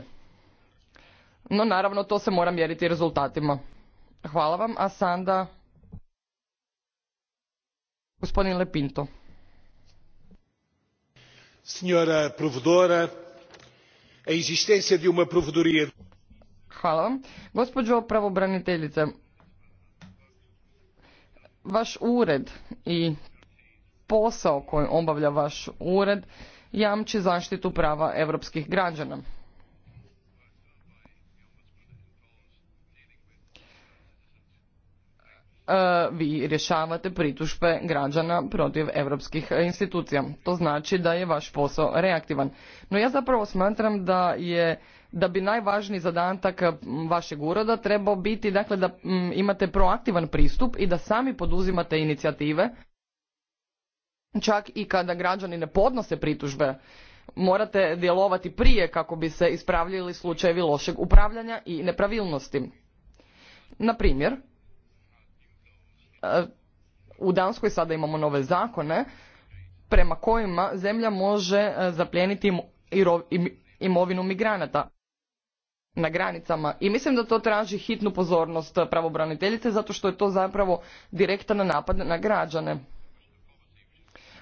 S1: No naravno to se mora mjeriti rezultatima. Hvala vam, a sada gospodin Lepinto.
S2: a existencija di
S1: Hvala vam. Gospođo pravobraniteljice, vaš ured i posao koji obavlja vaš ured jamči zaštitu prava europskih građana. E, vi rješavate pritužbe građana protiv europskih institucija. To znači da je vaš posao reaktivan. No ja zapravo smatram da je da bi najvažniji zadatak vašeg uroda trebao biti dakle da imate proaktivan pristup i da sami poduzimate inicijative čak i kada građani ne podnose pritužbe morate djelovati prije kako bi se ispravljali slučajevi lošeg upravljanja i nepravilnosti. Na primjer, u Danskoj sada imamo nove zakone prema kojima zemlja može e, zapljeniti imovinu migranata na granicama. I mislim da to traži hitnu pozornost pravobraniteljice zato što je to zapravo direktan napad na građane.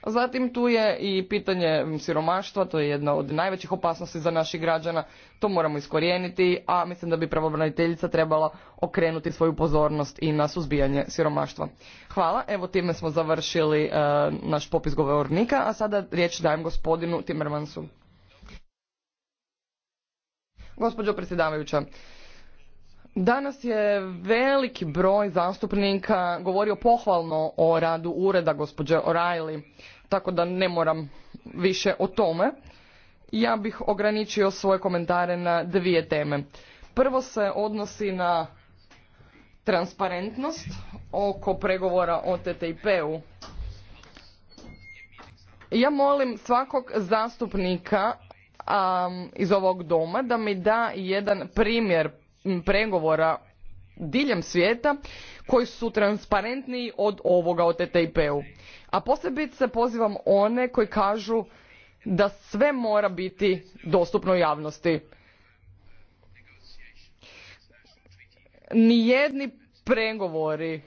S1: Zatim tu je i pitanje siromaštva, to je jedna od najvećih opasnosti za naših građana, to moramo iskorijeniti, a mislim da bi pravobraniteljica trebala okrenuti svoju pozornost i na suzbijanje siromaštva. Hvala, evo time smo završili e, naš popis govornika, a sada riječ dajem gospodinu Timmermansu. Gospođo predsjedavajuća, Danas je veliki broj zastupnika govorio pohvalno o radu ureda gospođe O'Reilly, tako da ne moram više o tome. Ja bih ograničio svoje komentare na dvije teme. Prvo se odnosi na transparentnost oko pregovora o TTIP-u. Ja molim svakog zastupnika iz ovog doma da mi da jedan primjer pregovora diljem svijeta koji su transparentniji od ovoga o TTIP-u. A posebice pozivam one koji kažu da sve mora biti dostupno javnosti. Nijedni pregovori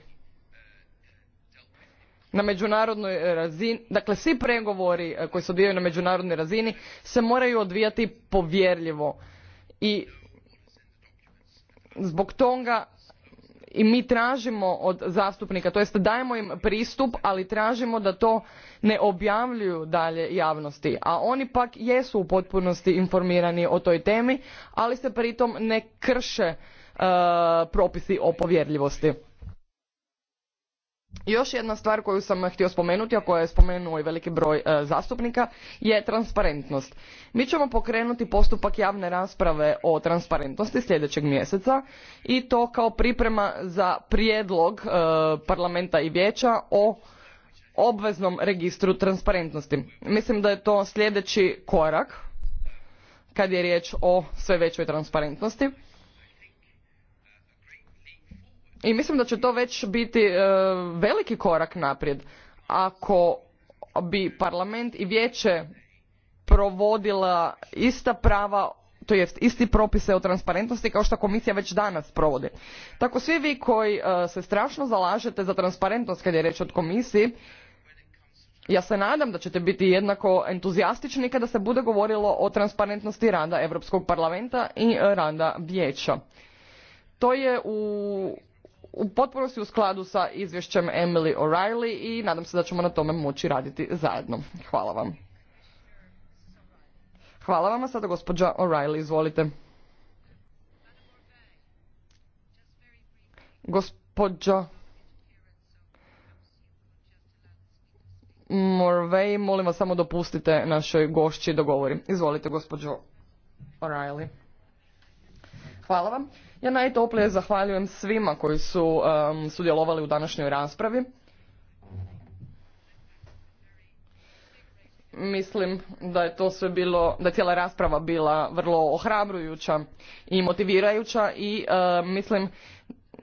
S1: na međunarodnoj razini, dakle svi pregovori eh, koji se odvijaju na međunarodnoj razini se moraju odvijati povjerljivo i Zbog toga i mi tražimo od zastupnika, to dajemo im pristup, ali tražimo da to ne objavljuju dalje javnosti. A oni pak jesu u potpunosti informirani o toj temi, ali se pritom ne krše e, propisi o povjerljivosti još jedna stvar koju sam htio spomenuti a koju je spomenuo i veliki broj e, zastupnika je transparentnost mi ćemo pokrenuti postupak javne rasprave o transparentnosti sljedećeg mjeseca i to kao priprema za prijedlog e, parlamenta i vijeća o obveznom registru transparentnosti mislim da je to sljedeći korak kad je riječ o sve većoj transparentnosti i mislim da će to već biti e, veliki korak naprijed ako bi parlament i vijeće provodila ista prava to jest isti propise o transparentnosti kao što komisija već danas provodi. Tako svi vi koji e, se strašno zalažete za transparentnost kad je riječ o komisiji, ja se nadam da ćete biti jednako entuzijastični kada se bude govorilo o transparentnosti rada Europskog parlamenta i e, rada vijeća. To je u u potpunosti u skladu sa izvješćem Emily O'Reilly i nadam se da ćemo na tome moći raditi zajedno. Hvala vam. Hvala vam, a sada gospođa O'Reilly, izvolite. Gospođa Morvej, molim vas samo dopustite našoj gošći da govori. Izvolite, gospođo O'Reilly. Hvala vam. Ja najtoplije zahvaljujem svima koji su sudjelovali u današnjoj raspravi. Mislim da je to sve bilo, da je cijela rasprava bila vrlo ohrabrujuća i motivirajuća i mislim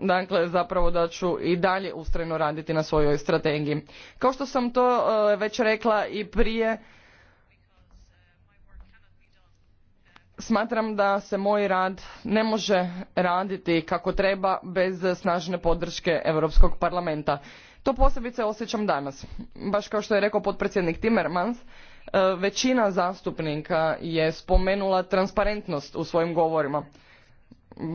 S1: dakle zapravo da ću i dalje ustrajno raditi na svojoj strategiji. Kao što sam to e, već rekla i prije smatram da se moj rad ne može raditi kako treba bez snažne podrške europskog parlamenta to posebice osjećam danas baš kao što je rekao potpredsjednik timmermans e, većina zastupnika je spomenula transparentnost u svojim govorima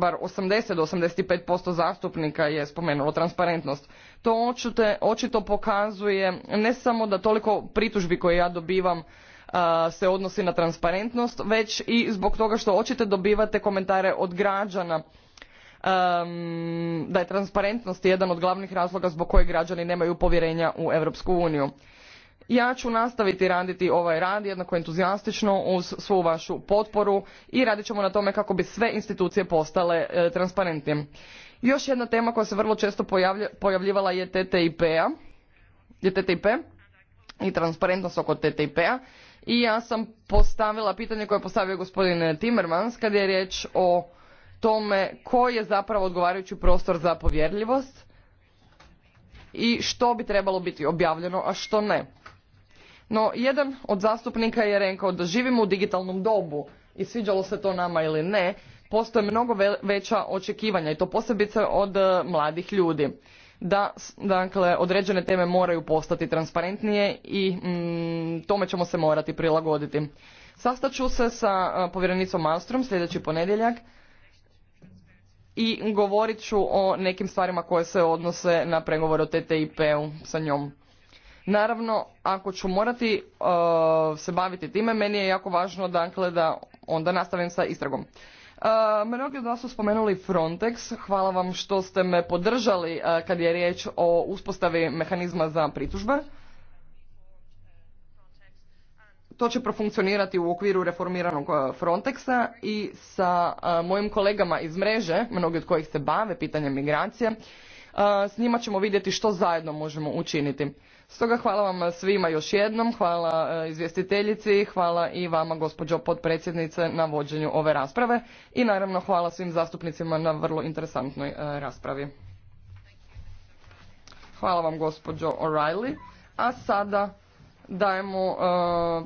S1: bar 80 do 85% zastupnika je spomenulo transparentnost. To očito pokazuje ne samo da toliko pritužbi koje ja dobivam se odnosi na transparentnost već i zbog toga što očito dobivate komentare od građana da je transparentnost jedan od glavnih razloga zbog kojeg građani nemaju povjerenja u europsku uniju. Ja ću nastaviti raditi ovaj rad jednako entuzijastično uz svu vašu potporu i radit ćemo na tome kako bi sve institucije postale e, transparentnije. Još jedna tema koja se vrlo često pojavljivala je TTIP-a je i transparentnost oko TTIP-a i ja sam postavila pitanje koje je postavio gospodin Timmermans kad je riječ o tome koji je zapravo odgovarajući prostor za povjerljivost i što bi trebalo biti objavljeno, a što ne. No, jedan od zastupnika je rekao da živimo u digitalnom dobu i sviđalo se to nama ili ne, postoje mnogo veća očekivanja i to posebice od e, mladih ljudi da dakle, određene teme moraju postati transparentnije i mm, tome ćemo se morati prilagoditi. Sastaću se sa povjerenicom Malstrom sljedeći ponedjeljak i govorit ću o nekim stvarima koje se odnose na pregovor o TTIP-u sa njom. Naravno, ako ću morati e, se baviti time, meni je jako važno dakle, da onda nastavim sa istragom. E, mnogi od vas su spomenuli Frontex. Hvala vam što ste me podržali e, kad je riječ o uspostavi mehanizma za pritužbe. To će profunkcionirati u okviru reformiranog e, Frontexa i sa mojim kolegama iz mreže, mnogi od kojih se bave pitanjem migracije, s njima ćemo vidjeti što zajedno možemo učiniti. Stoga hvala vam svima još jednom, hvala e, izvjestiteljici, hvala i vama gospođo potpredsjednice na vođenju ove rasprave i naravno hvala svim zastupnicima na vrlo interesantnoj e, raspravi. Hvala vam gospođo O'Reilly, a sada dajemo e,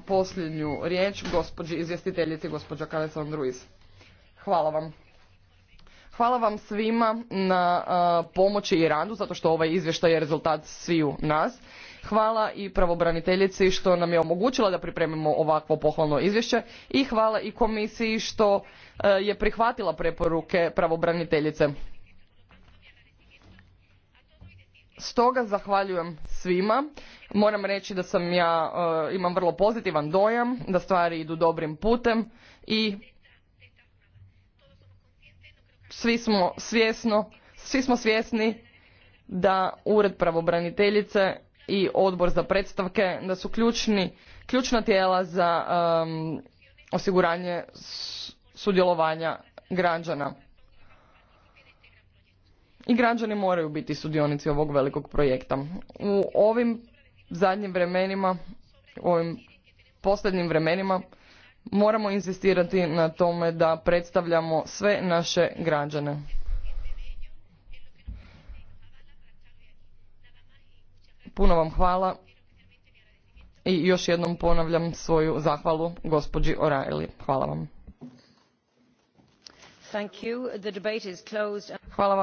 S1: posljednju riječ gospođi izvjestiteljici gospođa Kalesan Ruiz. Hvala vam. Hvala vam svima na pomoći i radu, zato što ovaj izvještaj je rezultat sviju nas Hvala i pravobraniteljici što nam je omogućila da pripremimo ovakvo pohvalno izvješće i hvala i komisiji što e, je prihvatila preporuke pravobraniteljice. Stoga zahvaljujem svima. Moram reći da sam ja e, imam vrlo pozitivan dojam, da stvari idu dobrim putem i svi smo svi smo svjesni da ured pravobraniteljice i odbor za predstavke da su ključni, ključna tijela za um, osiguranje sudjelovanja građana. I građani moraju biti sudionici ovog velikog projekta. U ovim zadnjim vremenima, u ovim posljednjim vremenima, moramo insistirati na tome da predstavljamo sve naše građane. Puno vam hvala i još jednom ponavljam svoju zahvalu gospođi O'Reilly. Hvala
S2: vam. Hvala vam.